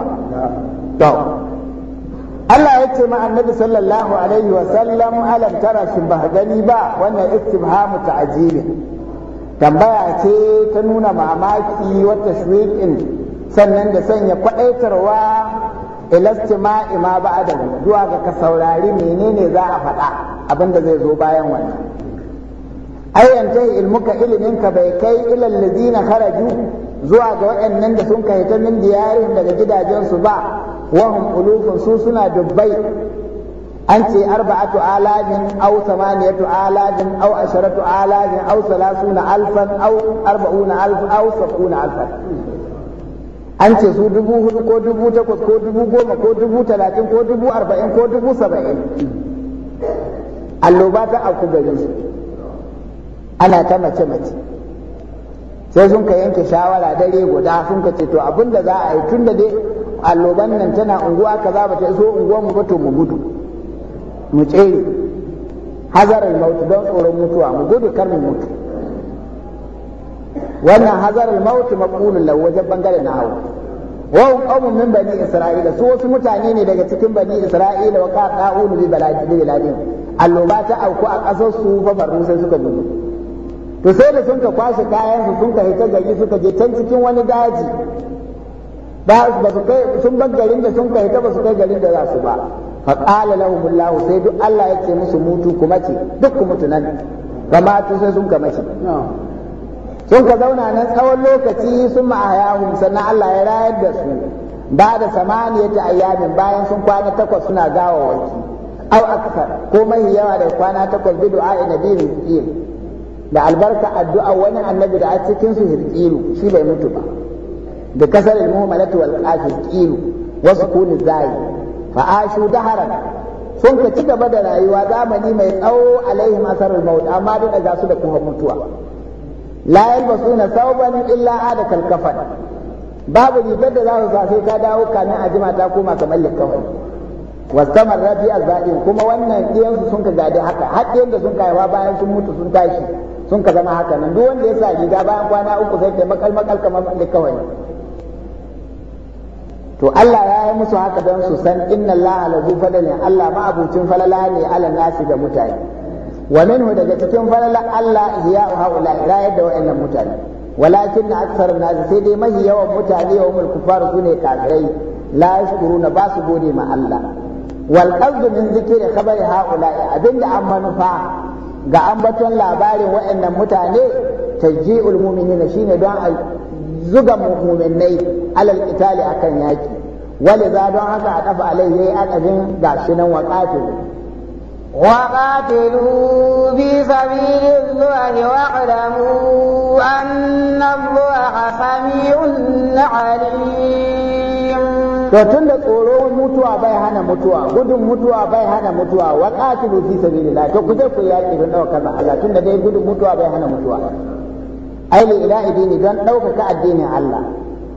Allah ya ce ma'an nabi sallallahu alaihi wa sallam alam tara ba gani ba wannan istibhamu ta'jilin tambaya ce ta nuna mamaki wata shirikin sannan da sanya kwadaitarwa ilastima ima ba'da zuwa ga ka saurari menene za a faɗa abinda zai zo bayan wannan ayyan yi ilmuka iliminka bai kai ilal ladina haraju zuwa ga waɗannan da sun kai ta min diyarin daga gidajensu ba wahum ulufun su suna dubbai an ce arba'atu alafin aw samaniyatu alafin aw asharatu alafin aw salasuna alfan aw arba'una alfan aw sab'una alfan an ce su dubu hudu ko dubu takwas ko dubu goma ko dubu talatin ko dubu arba'in ko dubu saba'in alloba ta aku gari su ana ta mace mace sai sun ka yanke shawara dare guda sun ka ce to abinda za a yi tun da dai alloban nan tana unguwa kaza ba ta iso unguwa mu ba to mu gudu mu tsere hazarar mautu don tsoron mutuwa mu gudu kar mu mutu wannan hazarar mautu maqulun lahu wajen bangaren na wa Wawan qawmun min bani isra'ila su wasu mutane ne daga cikin bani isra'ila wa qa'un bi baladin alloba ta auku a kasar su fa barru sai suka gudu to sai da sun ka kwashe kayan su sun ka hita gari suka je can cikin wani daji ba su kai sun bar garin da sun ka hita ba su kai garin da za su ba Faƙala na lahum sai duk Allah ya ce musu mutu kuma ce duk kuma tunan, nan ba ma tu sai sun ka mace sun ka zauna nan tsawon lokaci sun ma'ayahum sannan Allah ya rayar da su ba da ta ayyamin bayan sun kwana takwas suna gawawaki au akthar ko mai yawa da kwana takwas bi du'a nabiyyi hizqil da albarka addu'a wani annabi da a cikin shi bai mutu ba da kasar al-mu'minatu wal qafiqilu wasu kuni zai fa ashu daharan sun ka ci gaba da rayuwa zamani mai tsawo alaihim asarar maut amma duk ga su da kuma mutuwa la yalbasuna sauban illa ada kalkafan babu rigar da za su sa sai ka dawo kamin a jima ta koma kamar likawai wasamar rabi azzaɗin kuma wannan ɗiyansu sun ka gadi haka har da sun kaiwa bayan sun mutu sun tashi sun ka zama haka nan duk wanda ya sa riga bayan kwana uku sai ta makal makal kamar kawai. to Allah ya yi musu haka don su san inna Allah la zu fadalin Allah ma abucin falala ne ala nasi ga mutane wa minhu daga cikin falala Allah ya haula rayar da wa'annan mutane walakin na aksar nasi sai dai mahi yawan mutane wa mul kufar su ne kafirai la yashkuruna ba su gode ma Allah wal qad min zikri khabari haula abinda an manufa ga ambaton labarin wa'annan mutane tajji'ul mu'minina shine don zuga mu'minai alal qitali akan yaki ولذا دون هكا أقف عليه أقفين قاشنا وقاتلوا وقاتلوا في سبيل الله واعلموا أن الله na alim to tun da tsoro mutuwa bai hana mutuwa gudun mutuwa bai hana mutuwa wa qatilu sabili sabilillah to kuje ku yaki don daukar Allah tun da dai gudun mutuwa bai hana mutuwa ai li ilahi dini don ɗaukaka addinin Allah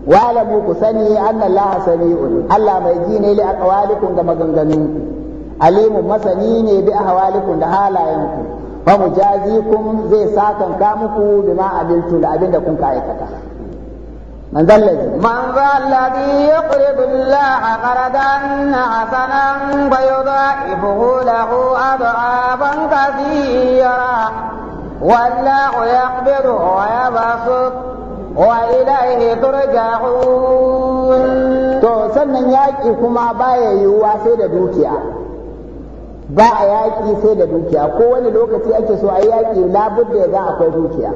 walamu ku sani anna Allah sami'un Allah mai ji ne li aqwalikum da maganganunku alimu masani ne bi ahwalikum da halayen ku, fa mujazikum zai sakan ka muku bima abiltu da abinda kun ka aikata من ذا الذي من ذا الذي يقرض الله قرضا حسنا فيضاعفه له أضعافا كثيرا والله يقبض ويبسط وإليه ترجعون to sannan yaƙi kuma baya yiwuwa sai da dukiya ba a yaƙi sai da dukiya ko wani lokaci ake so a yaƙi ya za dukiya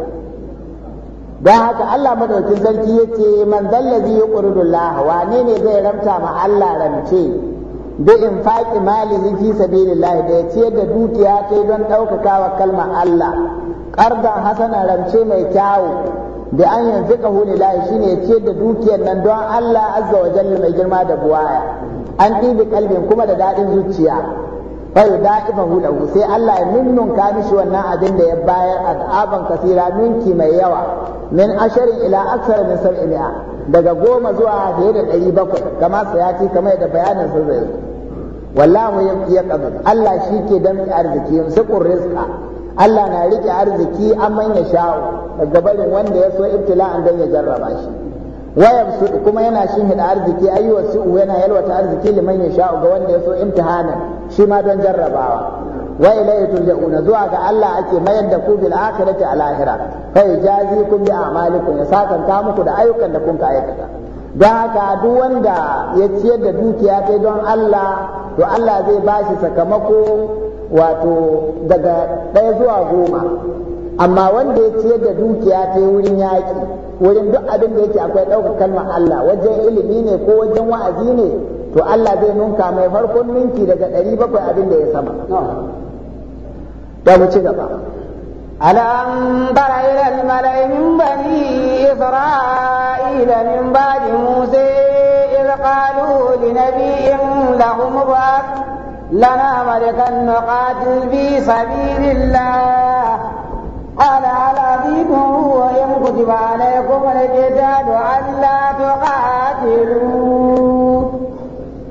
haka Allah madaukin sarki yace ce man zallazi ya Allah wane ne zai ramta ma Allah ramce bi in faƙi malihi fi sabilillah da ya ciyar da dukiya kai don wa kalmar Allah ƙardan hasana rance mai kyawu da an yanzu ka huli shine ya ce da dukiyar nan don Allah azza wa jalla mai girma da buwaya an ɗibi kalbin kuma da daɗin zuciya bai da hulahu sai Allah ya minnun ka mishi wannan abin da ya bayar azaban kasira minki mai yawa min ashari ila aksar min daga goma zuwa fiye da ɗari bakwai kama ce, kamar da bayanin sa zai wallahu ya Allah shi ke damƙe arziki sai rizqa Allah na rike arziki amman ya sha'u daga barin wanda ya so ibtila'an dan ya jarraba shi wayab kuma yana shin hida arziki ayyuwa su yana yalwata arziki liman ya sha'u ga wanda ya so imtihana shi ma don jarrabawa wa ilayhi turja'una zuwa ga Allah ake mayar da ku bil akhirati al akhira jazi yajazikum bi a'malikum ya ta muku da ayyukan da kun aikata Da haka duk wanda ya ciyar da dukiya ta don Allah to Allah zai bashi sakamako wato daga ɗaya zuwa goma amma wanda ya ciyar da dukiya ta wurin yaƙi wurin duk abin da yake akwai ɗaukar kalmar Allah wajen ilimi ne ko wajen wa'azi ne to Allah zai nunka mai farkon minti daga ɗari bakwai abin da ya sama da ci gaba ألم تر إلى الملأ من بني إسرائيل من بعد موسى إذ قالوا لنبي لهم ابعث لنعمل نقاتل في سبيل الله قال هل أبيكم وإن كتب عليكم القتال ألا تقاتلوا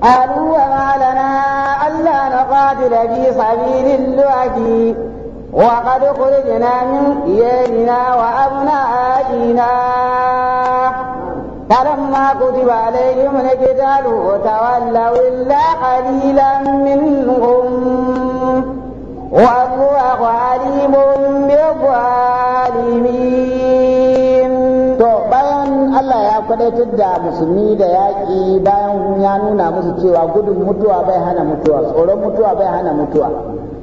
قالوا وما لنا ألا نقاتل في سبيل الله وقد خرجنا من ديارنا وأبنائنا فلما كتب عليهم القتال وتولوا إلا قليلا منهم والله عليم بالظالمين bayan Allah ya kwadaitar da musulmi da yaƙi bayan ya nuna musu cewa gudun mutuwa bai hana mutuwa tsoron mutuwa bai hana mutuwa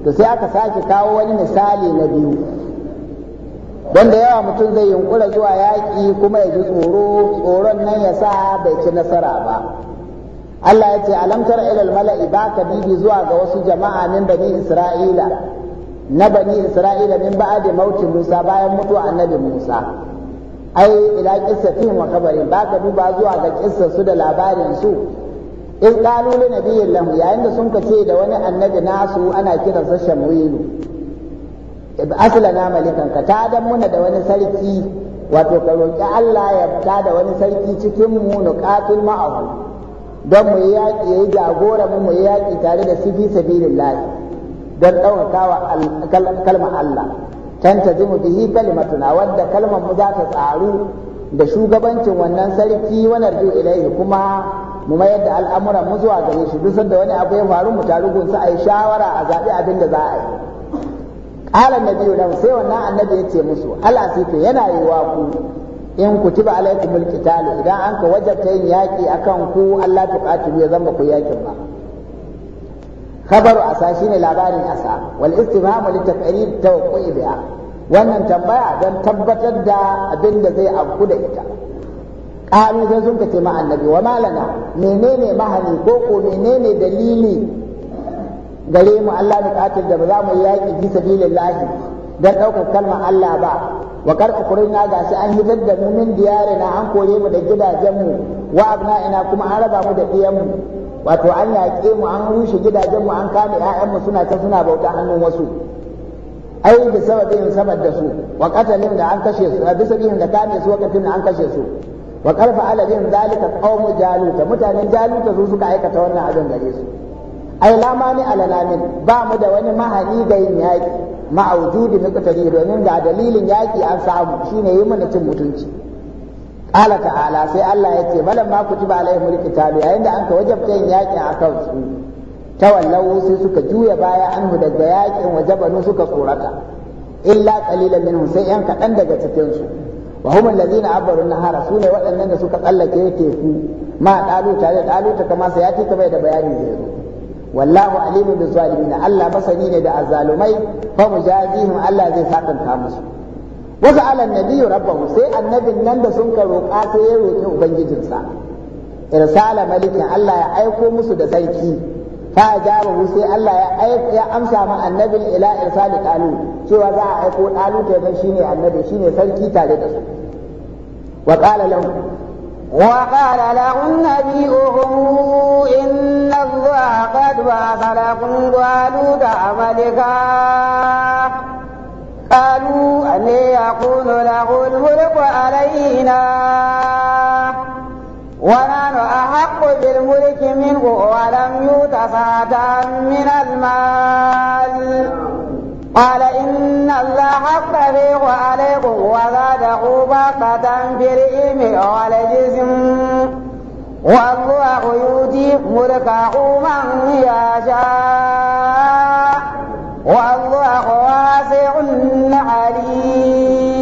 to sai aka sake kawo wani misali na biyu don da yawa mutum zai yunkura zuwa yaƙi kuma ya ji tsoro tsoron nan ya sa bai ci nasara ba Allah ya ce alamtar ilal mala'i ba ka bibi zuwa ga wasu jama'a min bani isra'ila na bani isra'ila min da mautin musa bayan mutuwa annabi musa ai ila qissatihim wa kabarin ba ka duba zuwa ga kissa su da labarin su in qalu li nabiyyin lahu yayin da sun kace da wani annabi nasu ana kiransa shamwilu asila na malikan ka ta dan muna da wani sarki wato ka roƙi Allah ya ta da wani sarki cikin mu nuqatul ma'ahu don mu yaƙi yayi jagora mu mu yaƙi tare da sifi sabilillah don ɗaukakawa kalma Allah tantazimu bihi kalimatuna wadda kalmar mu za ta tsaru da shugabancin wannan sarki wani arju ilaihi kuma mu mayar da al'amuran mu zuwa gare shi duk da wani abu ya faru mu taru gunsa a yi shawara a zaɓi abin da za a yi qala nabiyyu lahu sai wannan annabi yace musu alasitu yana yiwa ku in kutiba alaikumul qital idan an ka wajabta yin yaki akan ku Allah tuqatilu ya zamba ku yakin ba khabaru asa shine labarin asa wal istifhamu litaf'il tawqi'i biha wannan tambaya don tabbatar da abin da zai afku da ita ƙalu sai sun kace ma annabi wa malana menene mahani ko ko menene dalili gare mu Allah buƙatar da ba za mu yaƙi fi sabilillahi dan ɗaukar kalmar Allah ba wa kar ga gashi an hitar da mu min na an kore mu da gidajenmu wa ina kuma an raba mu da ɗiyanmu wato an yaƙe mu an rushe gidajenmu an kame ƴaƴanmu suna ta suna bauta hannun wasu ai da sababin sabar da su wa katalin da an kashe su bi sabihin da kame su wakatin da an kashe su wa karfa aladin zalika qaumu jaluta mutanen jaluta su suka aikata wannan abin gare su ai lamani alalamin ba mu da wani mahani ga yin yaƙi ma'aujudi kutari domin ga dalilin yaƙi an samu shine yi mana cin mutunci qala Ala sai Allah ya ce malam ma ku kutiba mulki alqitalu yayin da an ka wajabta yin yaƙi a kan su tawallaw sai suka juya baya an daga yaƙin wajabanu suka tsorata illa qalilan minhum sai yan kaɗan daga cikin su wa hum allazina abaru nahara sune waɗannan da suka tsallake teku ma dalu tare da dalu ta kama sai ya ci da bayani zai wallahu alimun bi zalimin Allah masani ne da azzalumai fa mujazihim Allah zai sakanta musu wasu alan nabiyyu rabbahu sai annabin nan da sun ka roƙa sai ya roƙi ubangijinsa irsala malikin Allah ya aiko musu da sarki fa ajabahu sai Allah ya amsa ma annabin ila irsali qalu cewa za a aiko qalu ta dan shine annabi shine sarki tare da su wa qala lahu wa qala lahu nabiyuhum in وقد واصلكم قالوا ملكا قالوا أن يكون له الملك علينا ونحن أحق بالملك منه ولم يؤت سعة من المال قال إن الله اصطفيه عليكم وزاده بسطة في العلم والجسم والله يؤتي ملكه من يشاء والله واسع عليم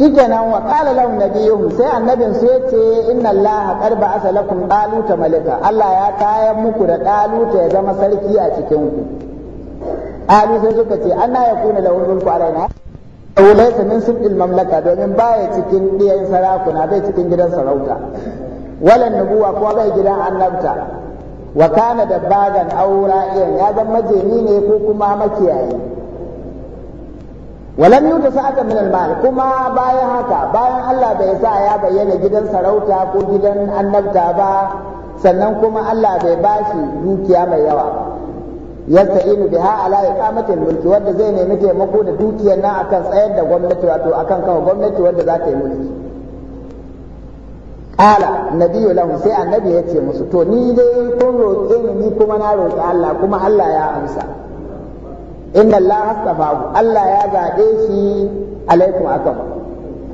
shikenan wa qala lahum nabiyuhum sai annabin su yace inna allah qad ba'atha lakum Ɗaluta malika Allah ya kayan muku da Ɗaluta ya zama sarki a cikinku. ku ali sai suka ce anna yakuna lahu mulku alaina laysa min subdil mamlaka domin baya cikin diyan sarakuna bai cikin gidan sarauta walan nubuwa ko bai gidan annabta wa kana bagan aura iyan ya zama majeni ne ko kuma makiyayi walam yuta sa'atan min kuma bayan haka bayan Allah bai sa ya bayyana gidan sarauta ko gidan annabta ba sannan kuma Allah bai bashi dukiya mai yawa ba yasta'inu biha ala iqamati mulki wanda zai nemi taimako da dukiyar nan akan tsayar da gwamnati wato akan kawo gwamnati wanda za ta yi mulki qala nabiyyu lahu sai annabi ya ce musu to ni dai kun roƙe ni kuma na roƙi Allah kuma Allah ya amsa inna Allah astafahu Allah ya zaɓe shi alaikum akam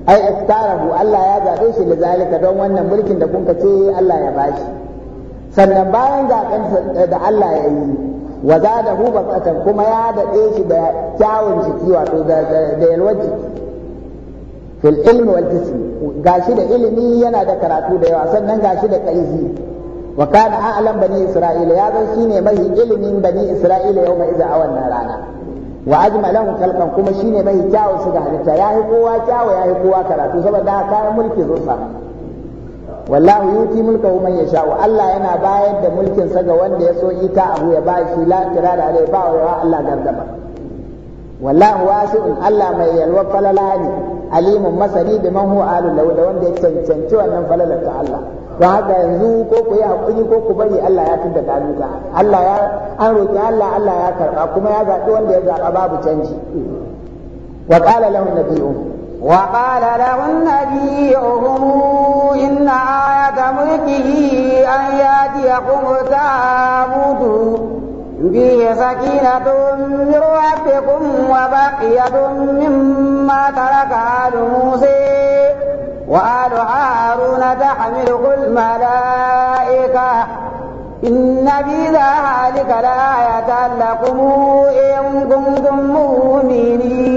ai iftarahu Allah ya zaɓe shi lizalika don wannan mulkin da kun ce Allah ya bashi sannan bayan zaɓen da Allah ya yi da zadahu basatan kuma ya daɗe shi da kyawun jiki wato da da yalwar jiki fil ilmi wal gashi da ilimi yana da karatu da yawa sannan gashi da kaizi wa kana a'lam bani isra'ila ya zan shine mai ilimin bani isra'ila yau mai a wannan rana wa ajma lahum khalqan kuma shine mai kyawun su ga halitta yayi kowa kyawu yayi kowa karatu saboda kayan mulki zo wallahu yuti mulka man yasha Allah yana bayar da mulkin sa ga wanda ya so ita abu ya bashi la da alai ba wa Allah gargaba wallahu wasi'un Allah mai yalwa falala ne alimun masani da man huwa alu law da wanda ya cancanci wannan falalar ta Allah don haka yanzu ko ku yi hakuri ko ku bari Allah ya tunda ganuta Allah ya an roki Allah Allah ya karba kuma ya zaɓi wanda ya zaɓa babu canji wa qala lahu nabiyyu وقال له نبيهم إن آية ملكه أن يأتيكم تابوت فيه سكينة من ربكم وبقية مما ترك آل موسى وآل هارون تحمله الملائكة إن في ذلك لآية لكم إن كنتم مؤمنين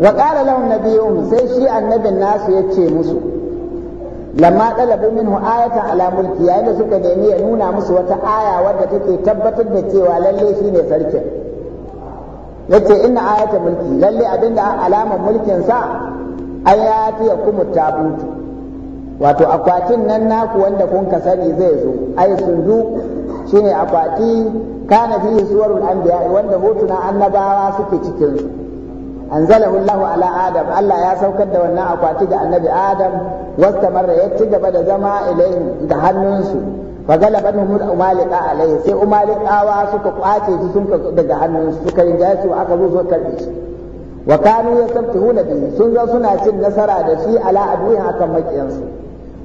wa ƙara lahum sai shi annabin nasu ya ce musu lamma ɗalabu minhu ayatan ala mulki yayin da suka nemi ya nuna musu wata aya wadda take tabbatar da cewa lalle shi ne sarkin yace inna ayatan mulki lalle abinda alama mulkin sa ayati ya tabutu wato akwatin nan naku wanda kun ka sani zai zo ai sundu shine akwati kana fihi suwarul anbiya wanda hotuna annabawa suke cikin su anzalahu Allahu ala Adam Allah ya saukar da wannan akwati ga annabi Adam wastamarra ya ci gaba da zama ilaihi da hannunsu fa galabanhum umalika alaihi sai umalikawa suka kwace shi sun daga hannunsu suka rinjaye su aka zo su karbe shi wa kanu yastabtihuna bihi sun zo suna cin nasara da shi ala aduhin akan makiyansu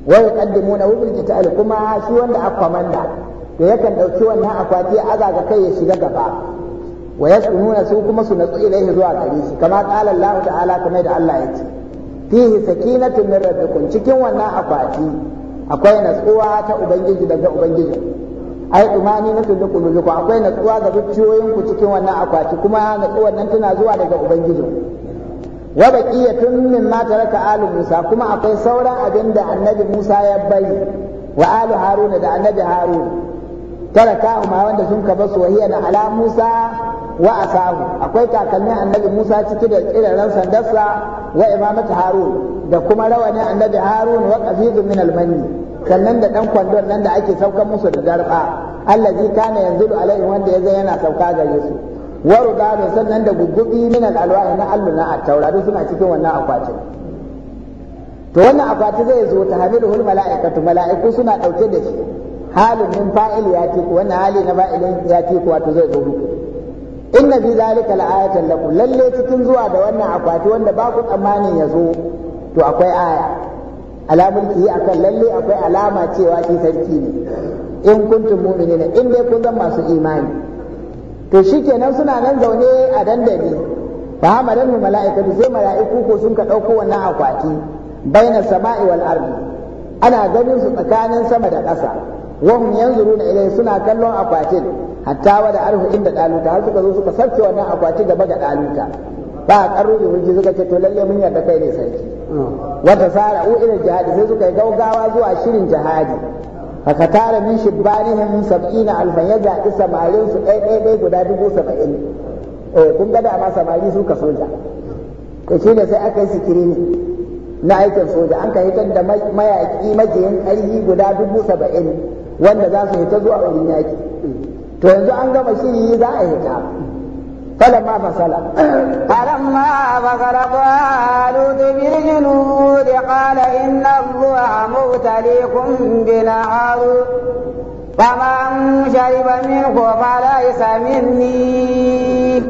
wa yuqaddimuna bil kuma shi wanda akwamanda to yakan dauki wannan akwati aza ga kai ya shiga gaba wa nuna su kuma su natsu ilaihi zuwa gare shi kama qala Allah ta'ala kamar da Allah ya ce fihi sakinatun min rabbikum cikin wannan akwati akwai natsuwa ta ubangiji daga ubangiji ai dumani na tunda kuluzuku akwai natsuwa ga zuciyoyin ku cikin wannan akwati kuma natsuwar nan tana zuwa daga ubangiji wa baqiyatun mimma taraka alu Musa kuma akwai sauran abin da annabi Musa ya bari wa alu Haruna da annabi Harun taraka ma wanda sun ka basu wahiya ala Musa wa asahu akwai takalmin annabi Musa ciki da kiraran sandarsa wa imamatu Harun da kuma rawani annabi Harun wa qafizun min al-manni sannan da dan kwandon nan da ake saukan musu da darba allazi kana yanzu alaihi wanda zai yana sauka gare su wa rubabin sannan da gugubi min alalwahi na alluna at-taura duk suna cikin wannan akwatin to wannan akwati zai zo ta hamidul mala'ikatu mala'iku suna dauke da shi halin min fa'il ya tiku wannan hali na fa'ilin ya tiku wato zai zo inna fi zalika la'ayatan lakum lalle cikin zuwa da wannan akwati wanda ba ku tsammanin ya zo to akwai aya alamun ki akan lalle akwai alama cewa shi sarki ne in kuntum mu'minina in dai kun zan masu imani to shikenan suna nan zaune a dandali fa mu mala'ikatu sai mala'iku ko sun ka dauko wannan akwati baina sama'i wal ardi ana ganin su tsakanin sama da ƙasa wa hum yanzuruna ilayhi suna kallon akwatin hatta da arhu inda daluta har suka zo suka sarke wannan akwati gaba ga daluta ba a karo da wurji suka ce to lalle mun yarda kai ne sarki wata sara u ila jihadi sai suka yi gaugawa zuwa shirin jihadi haka tara min shibbanihim sab'ina alfan ya zaɓi su ɗaya ɗaya ɗaya guda dubu saba'in eh kun ga dama samari su ka soja to shi ne sai aka yi sikiri ne na aikin soja an ka hitar da mayaƙi majiyin ƙarfi guda dubu saba'in wanda za su hita zuwa wurin yaƙi to yanzu an gama shiri za a yi ta فلما فصل فلما فصل طالوت بالجنود قال إن الله مبتليكم بنهر فمن شرب منه فليس مني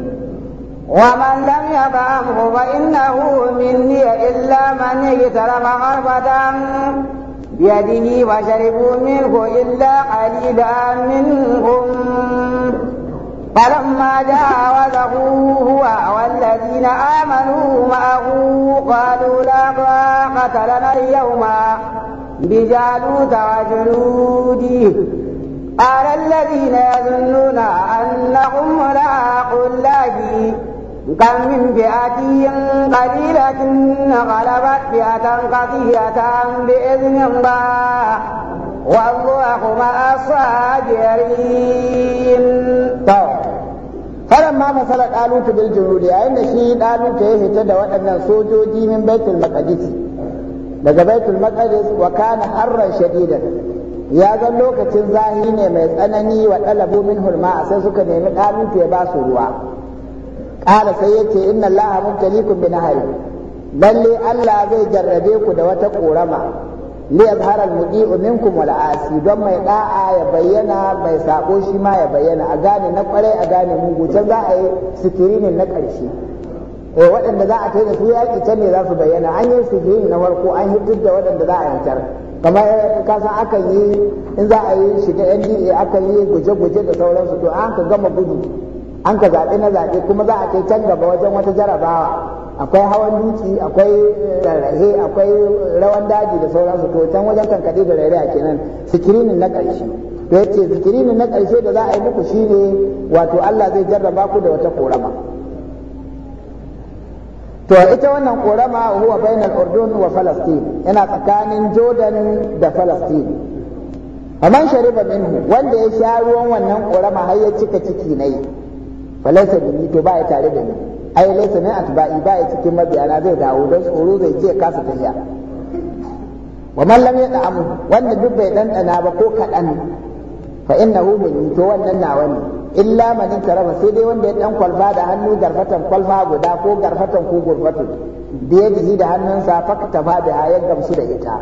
ومن لم يطعمه فإنه مني إلا من اجترف غرفة بيده وشربوا منه إلا قليلا منهم فلما جاوزه هو والذين آمنوا معه قالوا لا طاقة لنا اليوم بجالوت وجنوده قال الذين يظنون أنهم ملاقوا الله كم من فئة قليلة غلبت فئة كثيرة بإذن الله والله مع الصابرين فلما مثل طالوت بالجنود عند شيء طالوت يهتد وأن سوجودي من بيت المقدس daga baitul maqdis wa kana harran shadidan ya ga lokacin zahiri ne mai tsanani wa dalabu minhu sai suka nemi ɗalutu ya ba su ruwa ƙara sai yace inna allaha mubtaliikum bi nahari lalle allah zai jarrabe ku da wata ƙorama. li harar al-mudi'u minkum wal asi don mai ɗa'a ya bayyana mai saƙo shi ma ya bayyana a gane na kwarai a gane mugu can za a yi sikirinin na ƙarshe eh, waɗanda za a kai da su yaƙi can ne za su bayyana an yi sikirin na farko an hitar da waɗanda za a yantar kamar ka san akan yi in za a yi shiga NDA akan yi guje-guje da sauransu to an ka gama gudu an ka zaɓe na zaɓe kuma za a kai can gaba wajen wata jarabawa akwai hawan duki akwai eh, rarrahe akwai rawan daji da sauransu to can wajen kankaɗe da a kenan sikirinin na ƙarshe to yace sikirinin na ƙarshe da za a yi muku shine wato Allah zai jarraba ku da wata korama to ita wannan korama huwa bainal urdun wa falastin yana tsakanin jordan da falastin man shariba minhu wanda ya sha ruwan wannan korama har ya cika ciki nai. falaisa da ni to ba ya tare da ni ai laisa mai atba'i ba ya cikin mabiyana zai dawo don tsoro zai je kasa tafiya wa man lam yad'am wanda duk bai dandana ba ko kaɗan. fa innahu min to wannan nawa ne illa man raba, sai dai wanda ya dan kwalba da hannu garfatan kwalba guda ko garfatan ko gurfatu da ya ji da hannunsa fakta ba da ya gamsu da ita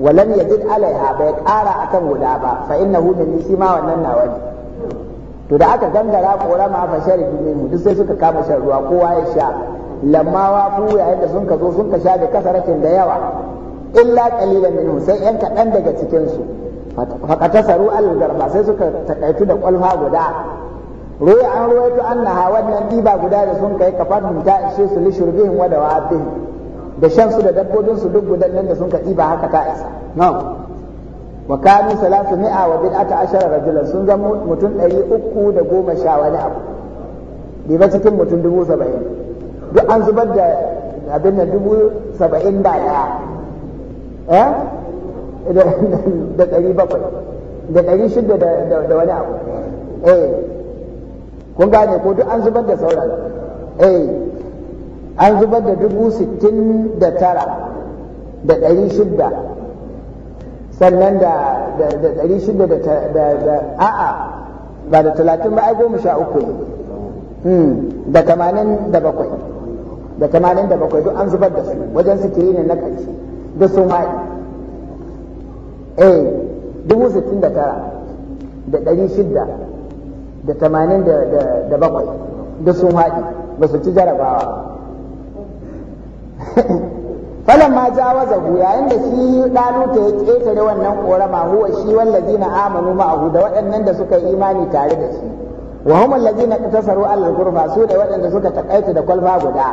walam yajid alaiha bai kara akan guda ba fa innahu min shi ma wannan nawa ne to da aka gangara korama fa sharibu mu duk sai suka kama shan ruwa kowa ya sha lamma wa fu yayin da sun ka zo sun ka sha da kasaratin da yawa illa qalilan minhu sai yan kaɗan daga cikin su faqatasaru al-garba sai suka takaitu da kwalfa guda ruwa an anna annaha wannan diba guda da sun kai kafar ta ishe su li shurbihim wa dawabihim da shansu da su duk gudan nan da sun ka diba haka ta isa na'am wa kanu salatu mi'a wa bid'ata ashara rajulan sun zama mutum ɗari uku da goma sha wani abu bai ba cikin mutum dubu saba'in duk an zubar da abin nan dubu saba'in eh? da ɗaya da ɗari bakwai da ɗari shida da wani abu eh kun gane ko duk an zubar da sauran eh an zubar da dubu sittin da tara da ɗari shida sannan da ɗari shida da a'a ba da talatin ba ai goma sha uku ne hmm, da tamanin da bakwai da tamanin da bakwai duk an zubar da su wajen suke yi ne na ƙarshe da su ma'i eh dubu sittin da tara da ɗari shida da tamanin da bakwai da sun haɗi ba su ci jarabawa [laughs] falan ma jawazahu yayin da shi ɗaluta ya ƙetare wannan korama huwa shi wallazina amanu ma'ahu da waɗannan da suka yi imani tare da shi wa hum allazina tasaru allal qurba su da waɗanda suka takaita da kwalba guda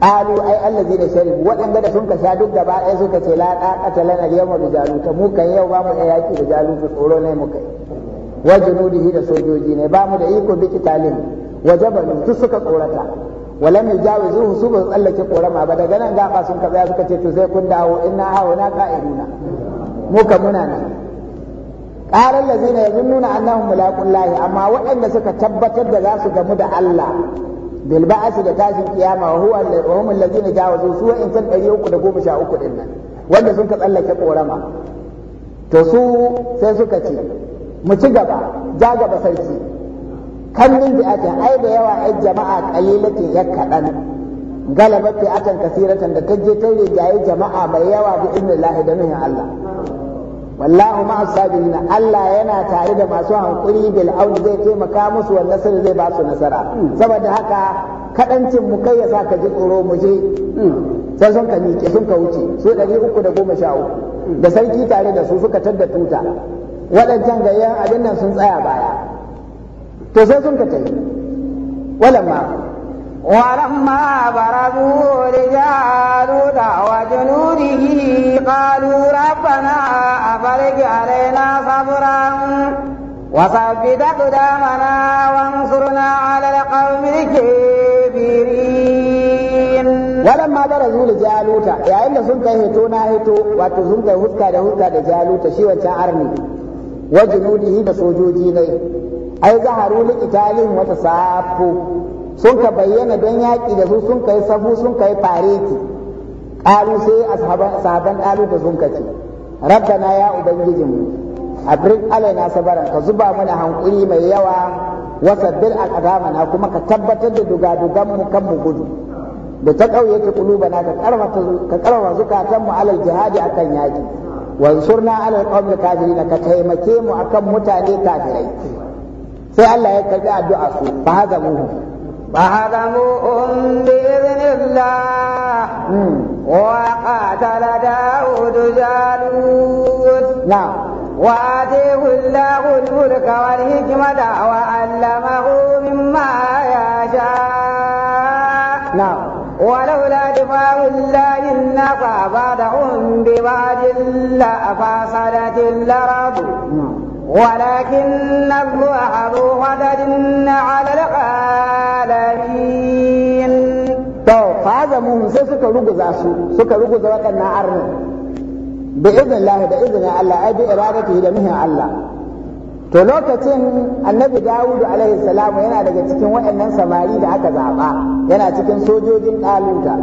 qalu ai allazina sharibu waɗanda da sun ka sha duk gaba ɗaya suka ce la taqata lana yawma bi ta mu kan yau ba mu da yaki da jaluta tsoro ne muka wa junudihi da sojoji ne ba mu da iko bi kitalin wa jabalu duk suka tsorata walam yujawizuhu su ba su tsallake korama ba daga nan gaba sun kaza suka ce to sai kun dawo inna hauna qa'iduna mu ka muna nan qala allazina yazunnuna annahum mulaqullahi amma waɗanda suka tabbatar da za su gamu da Allah bil ba'si da tashin kiyama wa huwa wa hum allazina jawazu su in san 313 din nan wanda sun ka tsallake korama to su sai suka ce mu ci gaba ja gaba sarki kannin ake ai da yawa ai jama'a kalilatin ya kaɗan galaba atan kasiratan da ta je ta rigaye jama'a mai yawa bi idnillahi da nuhin Allah wallahu ma asabirina Allah yana tare da masu hankuri bil auni zai taimaka musu wa nasara zai ba su nasara saboda haka kadancin mu kai yasa ka ji tsoro mu je sai sun ka miƙe sun ka wuce su ɗari uku da da sarki tare da su suka tadda tuta waɗancan gayyan abin nan sun tsaya baya Sosai sai sun ka tai walan ma walan ma barazu rijalu da wa jununi qalu rabbana afarij alaina sabran wa sabidatu damana wa ansurna ala alqawmi kibirin walan ma barazu rijalu ta yayin da sun kai heto na heto wato sun kai huska da huska da jaluta arni wajinudi da sojoji ne ai zaharu li italin wata safo sun ka bayyana don yaƙi da su sun kai safu sun kai fareti ƙalu sai sahaban ƙalu da sun kace rabbana ya ubangijinmu abrik alaina sabaran ka zuba mana hankuri mai yawa wasabbir al'adamana kuma ka tabbatar da dugan mu kan mu gudu da ta kuluba na ka karfafa zukatan mu alal jihadi akan yaƙi wansurna alal qawmi kafirin ka taimake mu akan mutane kafirai فألا يكل بها الدعاء فهزموهم فهزموهم بإذن الله وقاتل داود جالوت نعم وآتيه الله الملك والهجمة وعلمه مما يشاء نعم ولولا دفاع الله بعدهم بعضهم ببعض لأفسدت الأرض نعم ولكن الله ذو غدد على العالمين تو fazamuhum sai suka ruguza su suka ruguza waɗannan بإذن الله بإذن da izinin Allah ai bi Allah to lokacin annabi Dawud alaihi salam yana daga cikin waɗannan samari da aka zaba yana cikin sojojin ɗaluta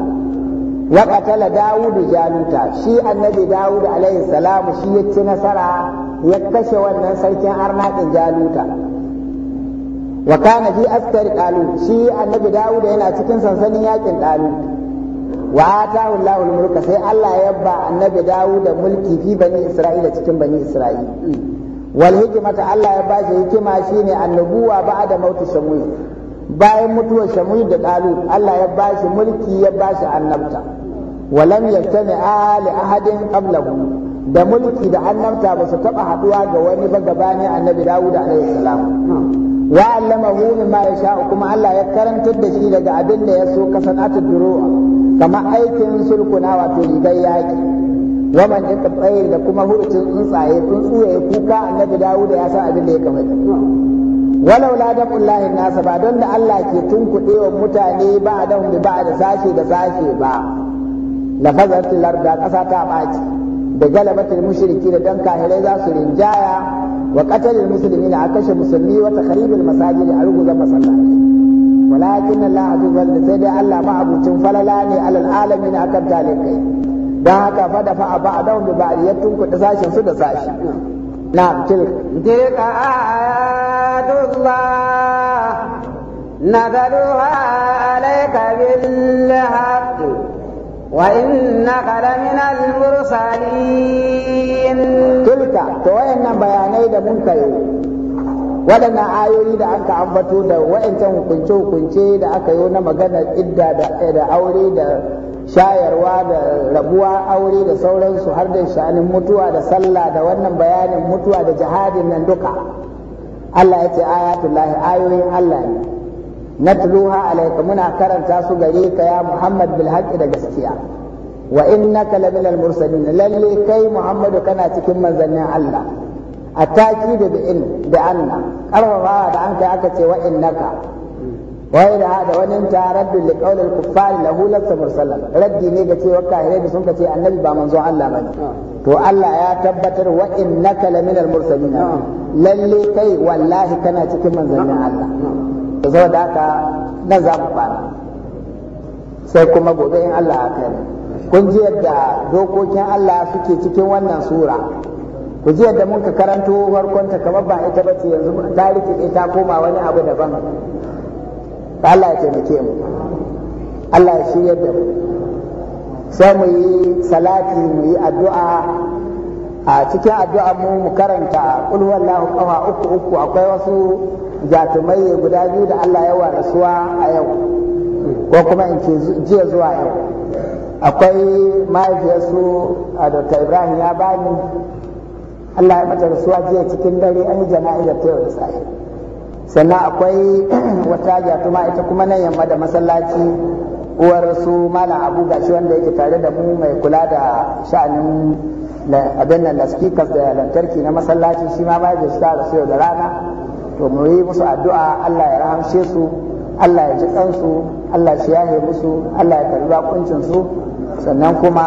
wa qatala Dawud jaluta shi annabi Dawud alaihi salam shi ya ci nasara ya kashe wannan sarkin arnaƙin jaluta wa kana fi askari qalu shi annabi dawuda yana cikin sansanin yakin ɗalu wa atahu Allahul mulka sai Allah ya ba annabi dawuda mulki fi bani isra'ila cikin bani isra'ila wal hikmata Allah ya ba shi hikima shine annabuwa ba'da mautu shamuyi bayan mutuwar shamuyi da ɗalu Allah ya ba shi mulki ya ba shi annabta walam yaktani ali ahadin qablahu da mulki da annabta ba su taba haduwa ga wani ba gabani annabi Dawud alaihi salam wa allamahu mimma yasha kuma Allah ya karantar da shi daga abin da ya so kasanatu duru'a kama aikin sulkuna wato rigar yaki wa man yaqtayi da kuma hurcin tsuntsaye tsuntsuye kuka annabi Dawud ya sa abin da ya kamata walau la da nasa ba don da Allah ke tunkuɗe wa mutane ba da ba da sashe da sashe ba lafazar tilar da ƙasa ta ɓaci da galabatul da dan kahirai za su rinjaya wa qatalul muslimina a kashe musulmi wa takhribul masajid a ruguza masallaci walakin Allah azza da sai dai Allah ma'abucin falala ne alal alamin akan talikai dan haka fa da fa ba'dahu bi ba'diyatun ku da sashin su da sashi na tilka tilka ayatullah nadaruha alayka bil haqq وإنك لمن المرسلين تلك توين بياني دا منكي waɗannan ayoyi da aka ambato da wa'ancan hukunce-hukunce da aka yi na maganar idda da aure da shayarwa da rabuwa aure da sauransu har da sha'anin mutuwa da sallah da wannan bayanin mutuwa da jihadin nan duka Allah ya ce ayatullahi ayoyin Allah ne natluha alayka muna karanta su gare ka Muhammad bil da gaskiya wa innaka lamin al mursalin lalle kai Muhammadu kana cikin manzannin Allah ataki da in da anna karfafawa da an kai aka ce wa innaka wa ila da wani taraddud li qawl al kuffar lahu lafsa mursalan raddi ne ga cewa kafirai da sun ce annabi ba manzo Allah bane to Allah ya tabbatar wa innaka lamin al mursalin lalle kai wallahi kana cikin manzannin Allah da zo da haka nan za mu fara sai kuma gobe in Allah ya kai kun ji yadda dokokin Allah suke cikin wannan sura ku ji yadda ka karanto farkon ta kamar ba ita bace yanzu ta rike ta koma wani abu daban Allah ya taimake mu Allah ya shiryar da mu sai mu yi salati mu yi addu'a a cikin addu'a mu mu karanta qul wallahu qawa uku uku akwai wasu jatumai guda biyu da Allah ya suwa a yau ko kuma in ce jiya zuwa yau akwai mahaifiyarsu a Dr. Ibrahim ya bani Allah ya mata rasuwa jiya cikin dare an yi jana'izar ta yau da safe sannan akwai [clears throat] wata jatuma ita kuma nan yamma da masallaci uwar su malam abu gashi wanda yake tare da mu mai kula da sha'anin abin nan speakers da lantarki na masallaci shi ma bai da shi da da rana to mu yi musu addu'a Allah ya rahamshe su Allah ya ji su Allah shi yahe musu Allah ya karbi kuncin su sannan kuma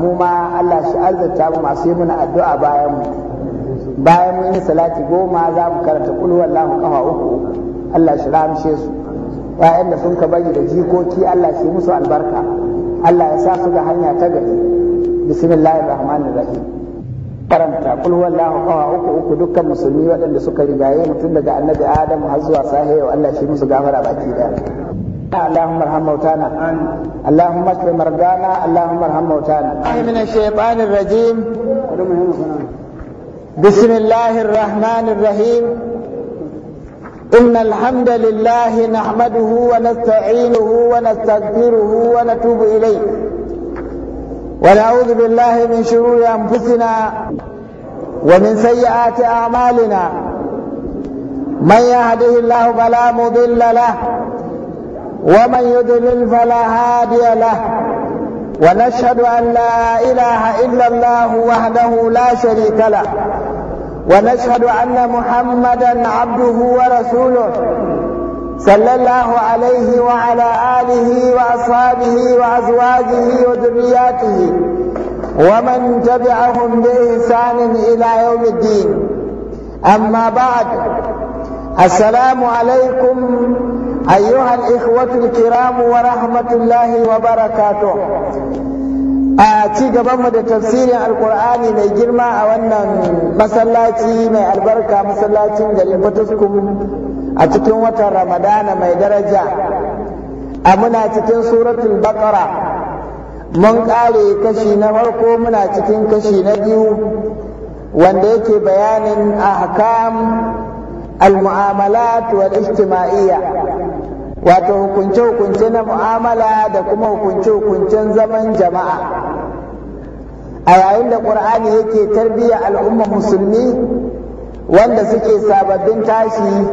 mu ma Allah shi arzata mu masu yi muna addu'a bayan mu bayan mun yi salati goma za mu karanta kul wallahu kafa uku Allah shi rahamshe su bayan da sun ka bari da jikoki Allah shi musu albarka Allah ya sa su ga hanya ta gari bismillahir rahmanir rahim karanta kul wallahu kawa uku uku dukkan musulmi waɗanda suka rigaye mutum daga annabi adam har zuwa sahiya Allah shi musu gafara baki daya اللهم ارحم موتانا اللهم اشف مرضانا اللهم ارحم موتانا من الشيطان الرجيم بسم الله الرحمن الرحيم إن الحمد لله نحمده ونستعينه ونستغفره ونتوب إليه ونعوذ بالله من شرور أنفسنا ومن سيئات أعمالنا من يهده الله فلا مضل له ومن يضلل فلا هادي له ونشهد أن لا إله إلا الله وحده لا شريك له ونشهد أن محمدا عبده ورسوله صلى الله عليه وعلى آله وأصحابه وأزواجه وذرياته ومن تبعهم بإحسان إلى يوم الدين أما بعد السلام عليكم أيها الإخوة الكرام ورحمة الله وبركاته a ci mu da tafsirin alkur'ani mai girma a wannan masallaci mai albarka masallacin garin fatuskum a cikin watan ramadana mai daraja a muna cikin suratul baqara mun kare kashi na farko muna cikin kashi na biyu wanda yake bayanin ahkam al-mu'amalat wal ijtima'iyya wato hukunce-hukunce na mu'amala da kuma hukunce-hukuncen zaman jama'a a yayin da ƙur'ani yake tarbiyya al'umma musulmi wanda suke sababbin tashi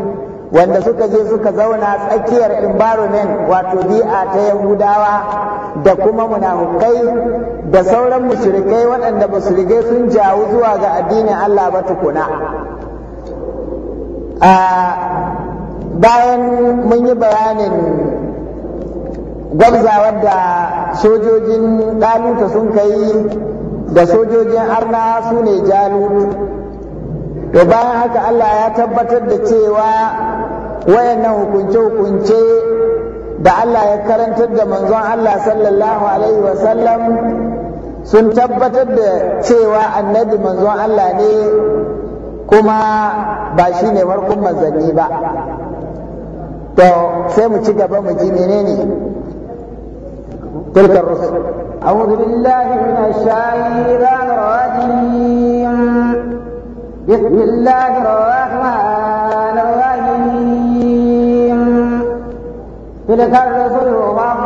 wanda suka je suka zauna tsakiyar environment wato bi'a ta yahudawa da kuma munafukai da sauran mushrikai waɗanda ba su sun jawo zuwa ga addinin allah ba tukuna bayan mun yi bayanin gwabzawar da sojojin ɗaluta sun kai da sojojin arna su ne jalut to bayan haka Allah ya tabbatar da cewa wayannan hukunce-hukunce da Allah ya karantar da manzon Allah sallallahu alaihi wasallam sun tabbatar da cewa annabi manzon Allah ne kuma ba shi ne farkon manzanni ba to sai mu ci gaba mu ji menene ne تلك الرسل أعوذ بالله من الشيطان الرجيم بسم الله الرحمن الرحيم تلك الرسل وما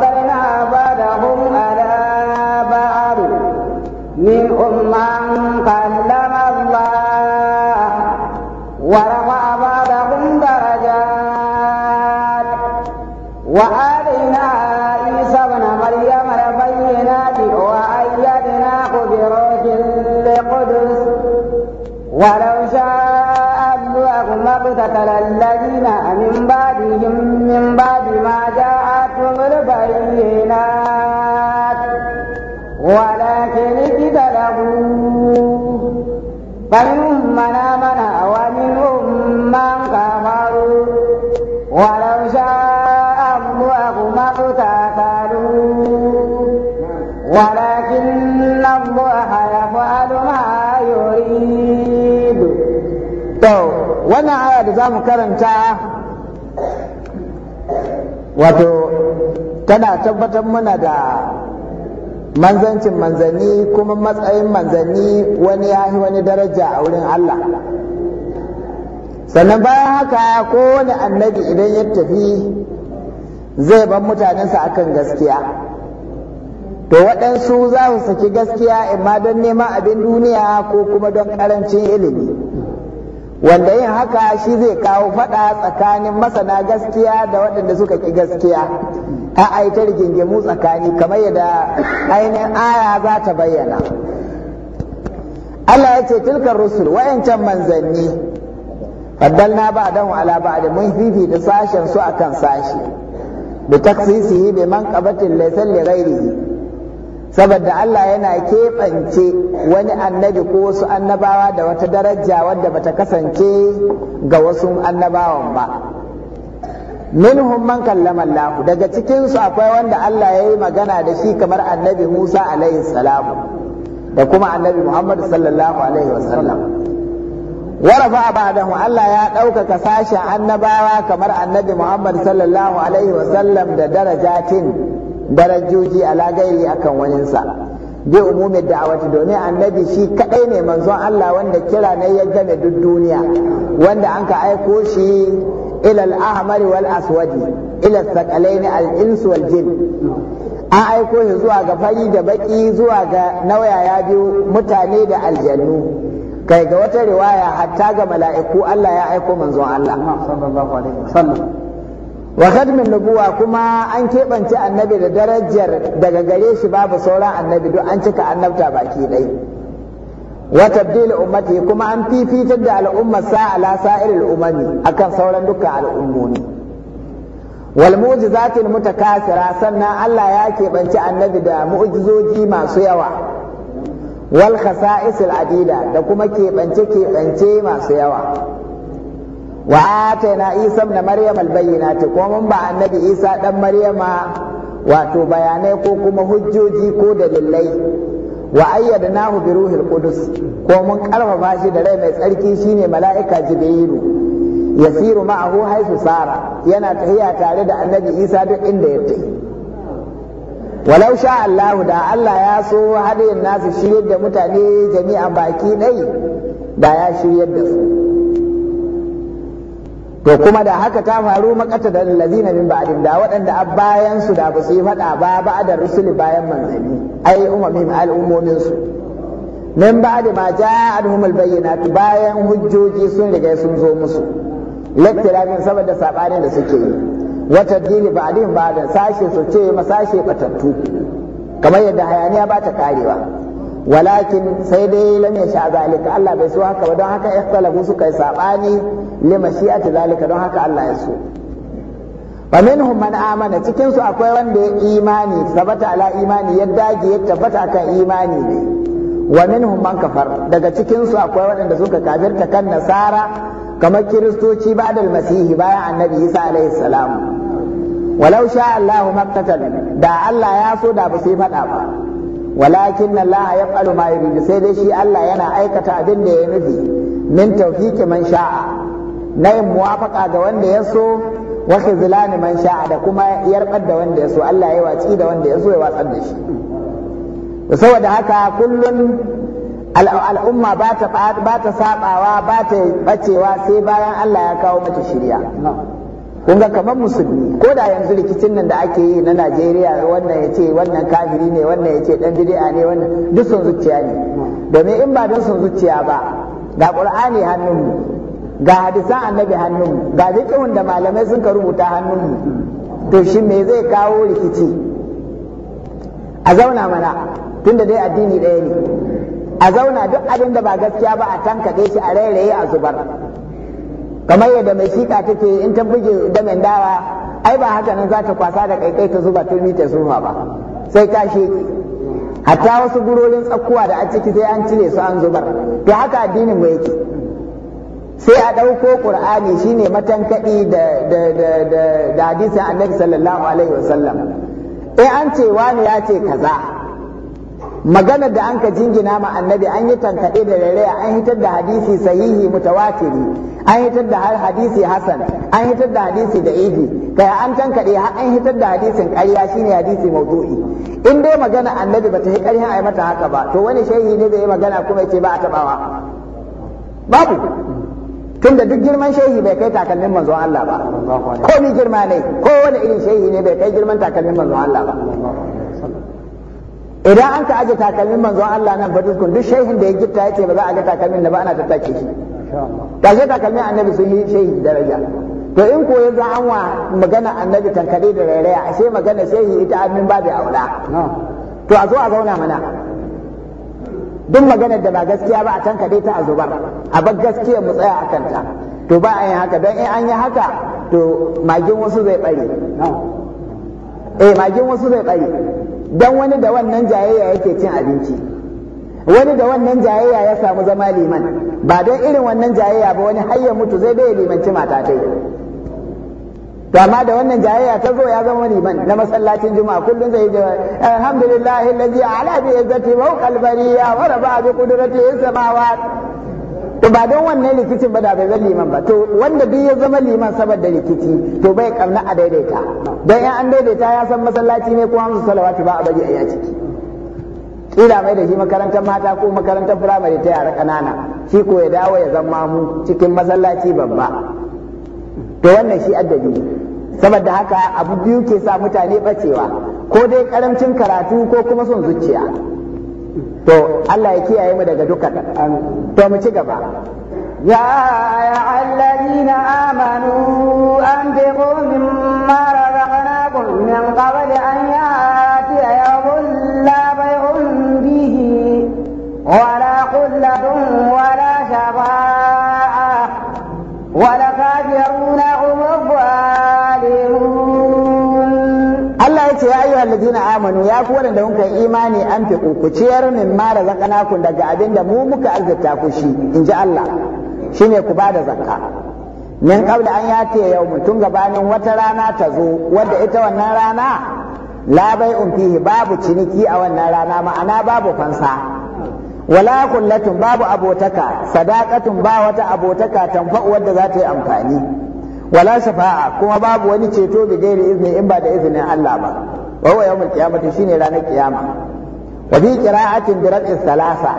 ترى الذين من بعدهم من بعد ما جاءتهم البينات ولكن اجتنبوا فمنهم من آمن ومنهم من كفروا ولو شاء الله ما اقتتلوا ولكن الله يفعل ما يريد. wannan aya da zamu karanta wato tana tabbatar mana da manzancin manzanni kuma matsayin manzanni wani ya wani daraja a wurin Allah sannan bayan haka kowane annabi idan ya tafi zai ban mutanensa akan gaskiya to waɗansu za su saki gaskiya imma don neman abin duniya ko kuma don ƙarancin ilimi wanda yin haka shi zai kawo fada tsakanin masana gaskiya da waɗanda suka ƙi gaskiya a aita rigingimu tsakani kamar yadda ainihin aya za ta bayyana Allah ya ce tilkar rusul wayancan manzanni faddalna ba dan ala da mun fifita sashen su akan sashi bi taksisi bi man qabatin laysa li ghairihi saboda Allah yana keɓance wani annabi ko wasu annabawa da wata daraja wadda bata kasance ga wasu annabawan ba minhum man kallama Allah daga cikin su akwai wanda Allah ya yi magana da shi kamar annabi Musa alaihi salam da kuma annabi Muhammad sallallahu alaihi wasallam ورفع ba'dahu Allah ya ɗaukaka sashen annabawa kamar annabi Muhammad sallallahu alaihi wasallam da darajatin darajoji a gairi akan waninsa bai umumi da'awati domin annabi shi kadai ne manzon Allah wanda kira ne ya game duk duniya wanda an ka aiko shi ilal al-ahmar wal aswadi ila al-thaqalain al-ins wal jin an aiko shi zuwa ga fari da baki zuwa ga ya biyu mutane da aljannu kai ga wata riwaya hatta ga mala'iku Allah ya aiko manzon Allah sallallahu alaihi wasallam wa khadmin nubuwa kuma an keɓance annabi da darajar daga gare shi babu sauran annabi duk an cika annabta baki ɗai wa tabdil ummati kuma an fifitar da al'umma sa ala sa'iril umami akan sauran dukkan al'ummomi wal mu'jizatil mutakasira sannan Allah ya keɓance annabi da mu'jizoji masu yawa wal khasa'isil adida da kuma keɓance keɓance masu yawa wa atayna isa ibn maryam albayyinati ko mun ba annabi isa dan maryama wato bayanai ko kuma hujjoji ko dalilai wa ayyadnahu bi ruhil qudus ko mun karfafa shi da rai mai tsarki shine mala'ika jibrilu yasiru ma'ahu haisu sara yana tahiya tare da annabi isa duk inda ya tafi walau sha Allahu da Allah ya so hadayin nasu shiryar da mutane jami'a baki ɗai da ya shiryar da su to kuma da haka ta faru makata da allazina min ba'din da waɗanda a bayan su da ba su yi faɗa ba ba'da rusuli bayan manzanni ai umamin al'ummomin su min ba'di ma al-bayyinat bayan hujjoji sun riga sun zo musu min saboda sabanin da suke yi wata dini ba'din da sashe su ce masashe batattu kamar yadda hayaniya ba ta karewa walakin sai dai lam yasha zalika Allah bai so haka ba don haka ikhtalafu suka yi sabani li mashi'ati zalika don haka Allah ya so wa minhum man amana cikin su akwai wanda ya imani sabata ala imani ya dage ya tabbata kan imani ne wa minhum man kafar daga cikin su akwai waɗanda suka kafirta kan nasara kamar kiristoci ba'da almasihi bayan annabi Isa alaihi Walausha, walau sha Allahu maktatal da Allah ya so da ba sai faɗa ba walakin Allah yaf'alu ma yuridu sai dai shi Allah yana aikata abin da ya nufi min tawfiqi man sha'a na yin muwafaka ga wanda ya so wa khizlani man sha'a da kuma yarbar da wanda ya so Allah ya watsi da wanda ya so ya watsar da shi saboda haka kullun al'umma ba ta sabawa ba ta bacewa sai bayan Allah ya kawo mata shirya kun ga kamar musulmi ko da yanzu rikicin nan da ake yi na Najeriya wannan ya ce wannan kafiri ne wannan ya ce dan bid'a ne wannan duk sun zuciya ne domin in ba don sun zuciya ba ga Qur'ani hannunmu ga hadisan annabi hannunmu ga dukkan da malamai sun ka rubuta hannunmu to shi me zai kawo rikici a zauna mana tunda dai addini ɗaya ne a zauna duk abin da ba gaskiya ba a tankaɗe shi a rairaye a zubar kamar yadda mai shiƙa take in ta buge damen dawa ai ba haka nan za ta kwasa da kaikai ta zuba turmi ta suma ba sai ta sheƙi hatta wasu gurorin tsakuwa da a ciki sai an cire su an zubar to haka addinin mu yake sai a ɗauko ƙur'ani shine matankaɗi da hadisin annabi sallallahu alaihi wasallam in eh, an ce wani ya ce kaza maganar da an ka jingina ma annabi an yi tankaɗe da rere an hitar da hadisi sahihi mutawatiri an hitar da har hadisi hasan an hitar da hadisi da ibi kai an tankaɗe har an hitar da hadisin ƙarya shine hadisi mawdu'i in dai magana annabi bata yi ƙarya ai mata haka ba to wani shehi ne bai yi magana kuma ya ce ba a tabawa babu tunda duk girman shehi bai kai takalmin manzo Allah ba ko ni girma ne ko wani irin shehi ne bai kai girman takalmin manzo Allah ba idan an ka aje takalmin manzo Allah nan kun duk shehin da ya gifta ya ce ba za a ga takalmin da ba ana tattake shi tashe takalmin annabi sun yi shehi daraja to in ko yanzu an wa magana annabi tankade da rairaya ashe magana shehi ita amin babu aula to a zo a zauna mana duk maganar da ba gaskiya ba a tankade ta a zubar a bar gaskiya mu tsaya a kanta to ba a yi haka don in an yi haka to magin wasu zai bare eh magin wasu zai bare don wani da wannan jayayya yake cin abinci wani da wannan jayayya ya samu zama liman ba don irin wannan jayayya ba wani har mutu zai dai limanci mata ta to amma da wannan jayayya ta zo ya zama liman na masallacin juma'a kullum zai ji alhamdulillahi alladhi ala bi izzati wa qalbariya wa rafa'a bi qudratihi samawat to ba don wannan likitin ba da bai zama liman ba to wanda duk ya zama liman saboda rikici to bai karna a daidaita Don ya an daidaita ya san masallaci ne ko hamsu salawatu ba a bari a yi ciki kila mai da shi makarantar mata ko makarantar firamare ta yara kanana shi ko ya dawo ya zama mu cikin masallaci babba to wannan shi addabi saboda haka abu biyu ke sa mutane bacewa ko dai karamcin karatu ko kuma son zuciya to Allah ya kiyaye mu daga duka to mu ci gaba ya ya alladina amanu anfiqu mimma razaqnakum min qabl an ya'tiya yawmun la bay'un bihi wa ladina amanu ya ku waɗanda kun kai imani an fi ku ciyar min ma da zakanaku daga abin da mu muka arzikta ku shi in ji Allah shine ku bada da zakka min kawai an yau yau tun gabanin wata rana ta zo wadda ita wannan rana la bai'un fihi babu ciniki a wannan rana ma'ana babu fansa wala kullatun babu abotaka sadaqatun ba wata abotaka tanfa wadda za ta yi amfani wala shafa'a kuma babu wani ceto da gairi izini in ba da izinin Allah ba wa huwa yawmul qiyamati shine ranar kiyama wa fi qira'atin bi rab'is salasa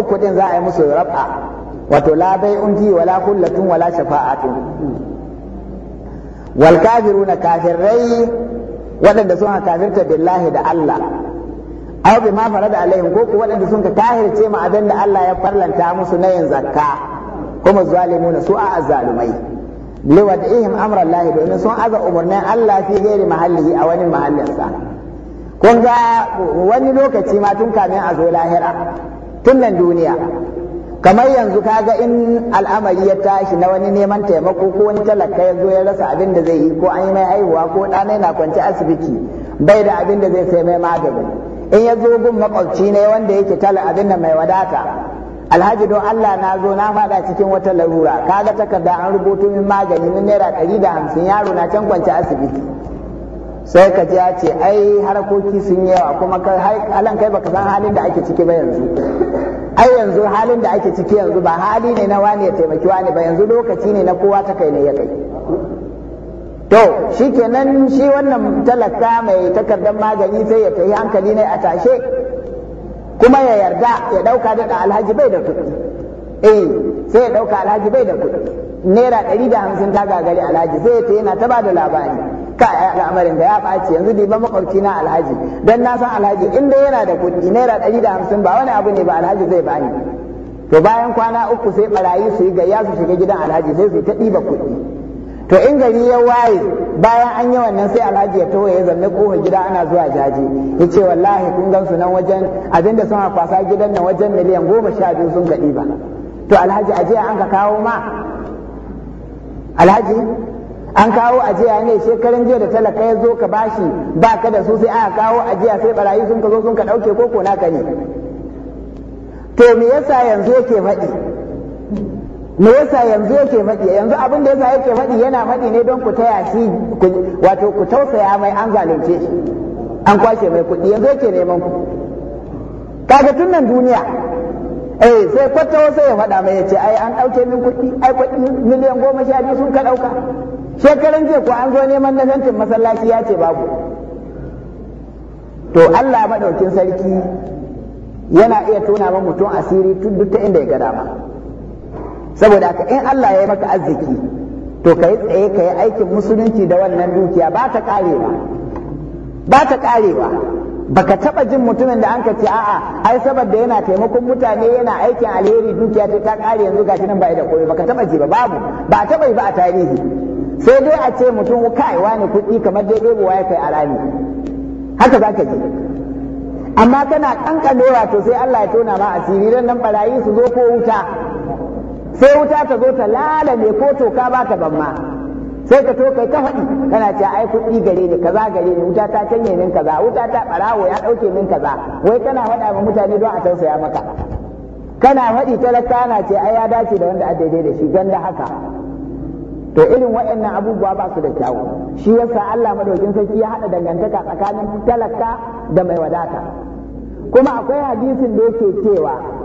uku din za a yi musu rab'a wato la bai'un fi wala kullatun wala shafa'atun wal kafiruna kafirai waɗanda sun kafirta billahi da Allah aw bi ma farada alaihim ko ko waɗanda sun ka kahirce ma abin da Allah ya farlanta musu na yin zakka kuma zalimuna su a azzalumai liwad'ihim amra Allah domin sun aza umarnin Allah fi gairi mahallihi a wani mahallinsa kun ga wani lokaci ma tun kamin a zo lahira tun nan duniya kamar yanzu ka ga in al'amari ya tashi na wani neman taimako ko wani talaka ya zo ya rasa abin da zai yi ko an yi mai haihuwa ko ɗana na kwanci asibiti bai da abin da zai sai mai magani in ya zo gun makwabci ne wanda yake tala abin da mai wadata alhaji don Allah na zo na fada cikin wata larura kaga takarda an rubuto min magani min naira ɗari da hamsin yaro na can kwance asibiti sai ka ji ya ce ai harakoki sun yi yawa kuma alan kai baka san halin da ake ciki ba yanzu ai yanzu halin da ake ciki yanzu ba hali ne na wani ya taimaki wani ba yanzu lokaci ne na kowa ta kai ne ya kai to shikenan shi wannan talaka mai takardar magani sai ya tafi hankali ne a tashe kuma ya yarda ya dauka da alhaji bai da kuɗi eh sai ya dauka alhaji bai da kuɗi naira ɗari da hamsin ta gagari alhaji sai ya ta yana ta bada labari ka ya al'amarin da ya ɓaci yanzu ni ba makwabci na alhaji dan na san alhaji inda yana da kuɗi naira ɗari da hamsin ba wani abu ne ba alhaji zai bani to bayan kwana uku sai barayi su yi gayya su shiga gidan alhaji sai su ta ɗiba kuɗi to in gari ya waye bayan an yi wannan sai alhaji ya taho ya zanne kofar gida ana zuwa jaji ya ce wallahi kun gansu nan wajen abinda sun kwasa gidan nan wajen miliyan goma sha biyu sun gaɗi ba to alhaji ajiya an ka kawo ma alhaji an kawo ajiya ne shekarun jiya da talaka ya zo ka bashi ba ka da su sai aka kawo ajiya sai barayi sun ka zo sun ka ɗauke koko naka ne to me yasa yanzu yake faɗi me yasa yanzu yake maɗi? yanzu abin da yasa yake maɗi yana maɗi ne don ku taya shi wato ku tausaya mai an zalunce shi an kwashe mai kuɗi yanzu yake neman ku kaga tun nan duniya eh sai kwata wasa ya faɗa mai yace ai an ɗauke min kuɗi ai kuɗi miliyan goma sha biyu sun ka ɗauka shekaran jiya ko an zo neman na fentin masallaci ya ce babu to Allah madaukin sarki yana iya tona ma mutum asiri tun duk ta inda ya ga dama saboda ka in Allah ya yi maka arziki to ka yi tsaye ka yi aikin musulunci da wannan dukiya ba ta karewa ba ta karewa baka taba jin mutumin da an ka ce a'a ai saboda yana taimakon mutane yana aikin alheri dukiya ta ta kare yanzu gashi nan ba da koyo baka taba ji ba babu ba taɓa yi ba a tarihi sai dai a ce mutum kai wani kuɗi kamar dai ɗebowa ya kai arami haka zaka ji amma kana dora to sai Allah ya tona ma asiri dan nan barayi su zo ko wuta sai wuta ta zo ta lalame ko toka ba ta ban sai ka to kai ka faɗi kana ce ai kuɗi gare ni kaza gare ni wuta ta canye min kaza wuta ta barawo ya ɗauke min kaza wai kana faɗa ma mutane don a tausaya maka kana faɗi talaka ana ce ai ya dace da wanda a daidai da shi don da haka to irin waɗannan abubuwa ba su da kyawu shi yasa Allah madaukin sarki ya haɗa dangantaka tsakanin talaka da mai wadata kuma akwai hadisin da yake cewa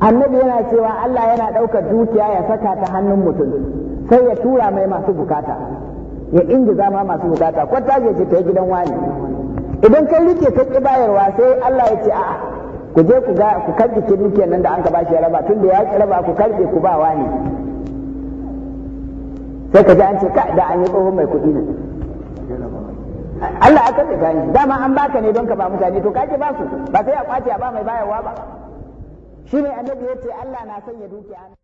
annabi yana cewa Allah yana ɗaukar dukiya ya saka ta hannun mutum sai ya tura mai masu bukata ya ingiza ma masu bukata kwata ta ce ta gidan wani idan kai rike ta ki bayarwa sai Allah ya ce a'a ku je ku ga ku karbi dukiyar nan da an ka bashi ya raba tunda ya ki raba ku karbe ku ba wani sai ka ji an ce ka da an yi tsohon mai kuɗi ne Allah aka da dama an baka ne don ka ba mutane to kake ba su ba sai a kwace a ba mai bayarwa ba shi ne annabi ya ce Allah na sanya dukiya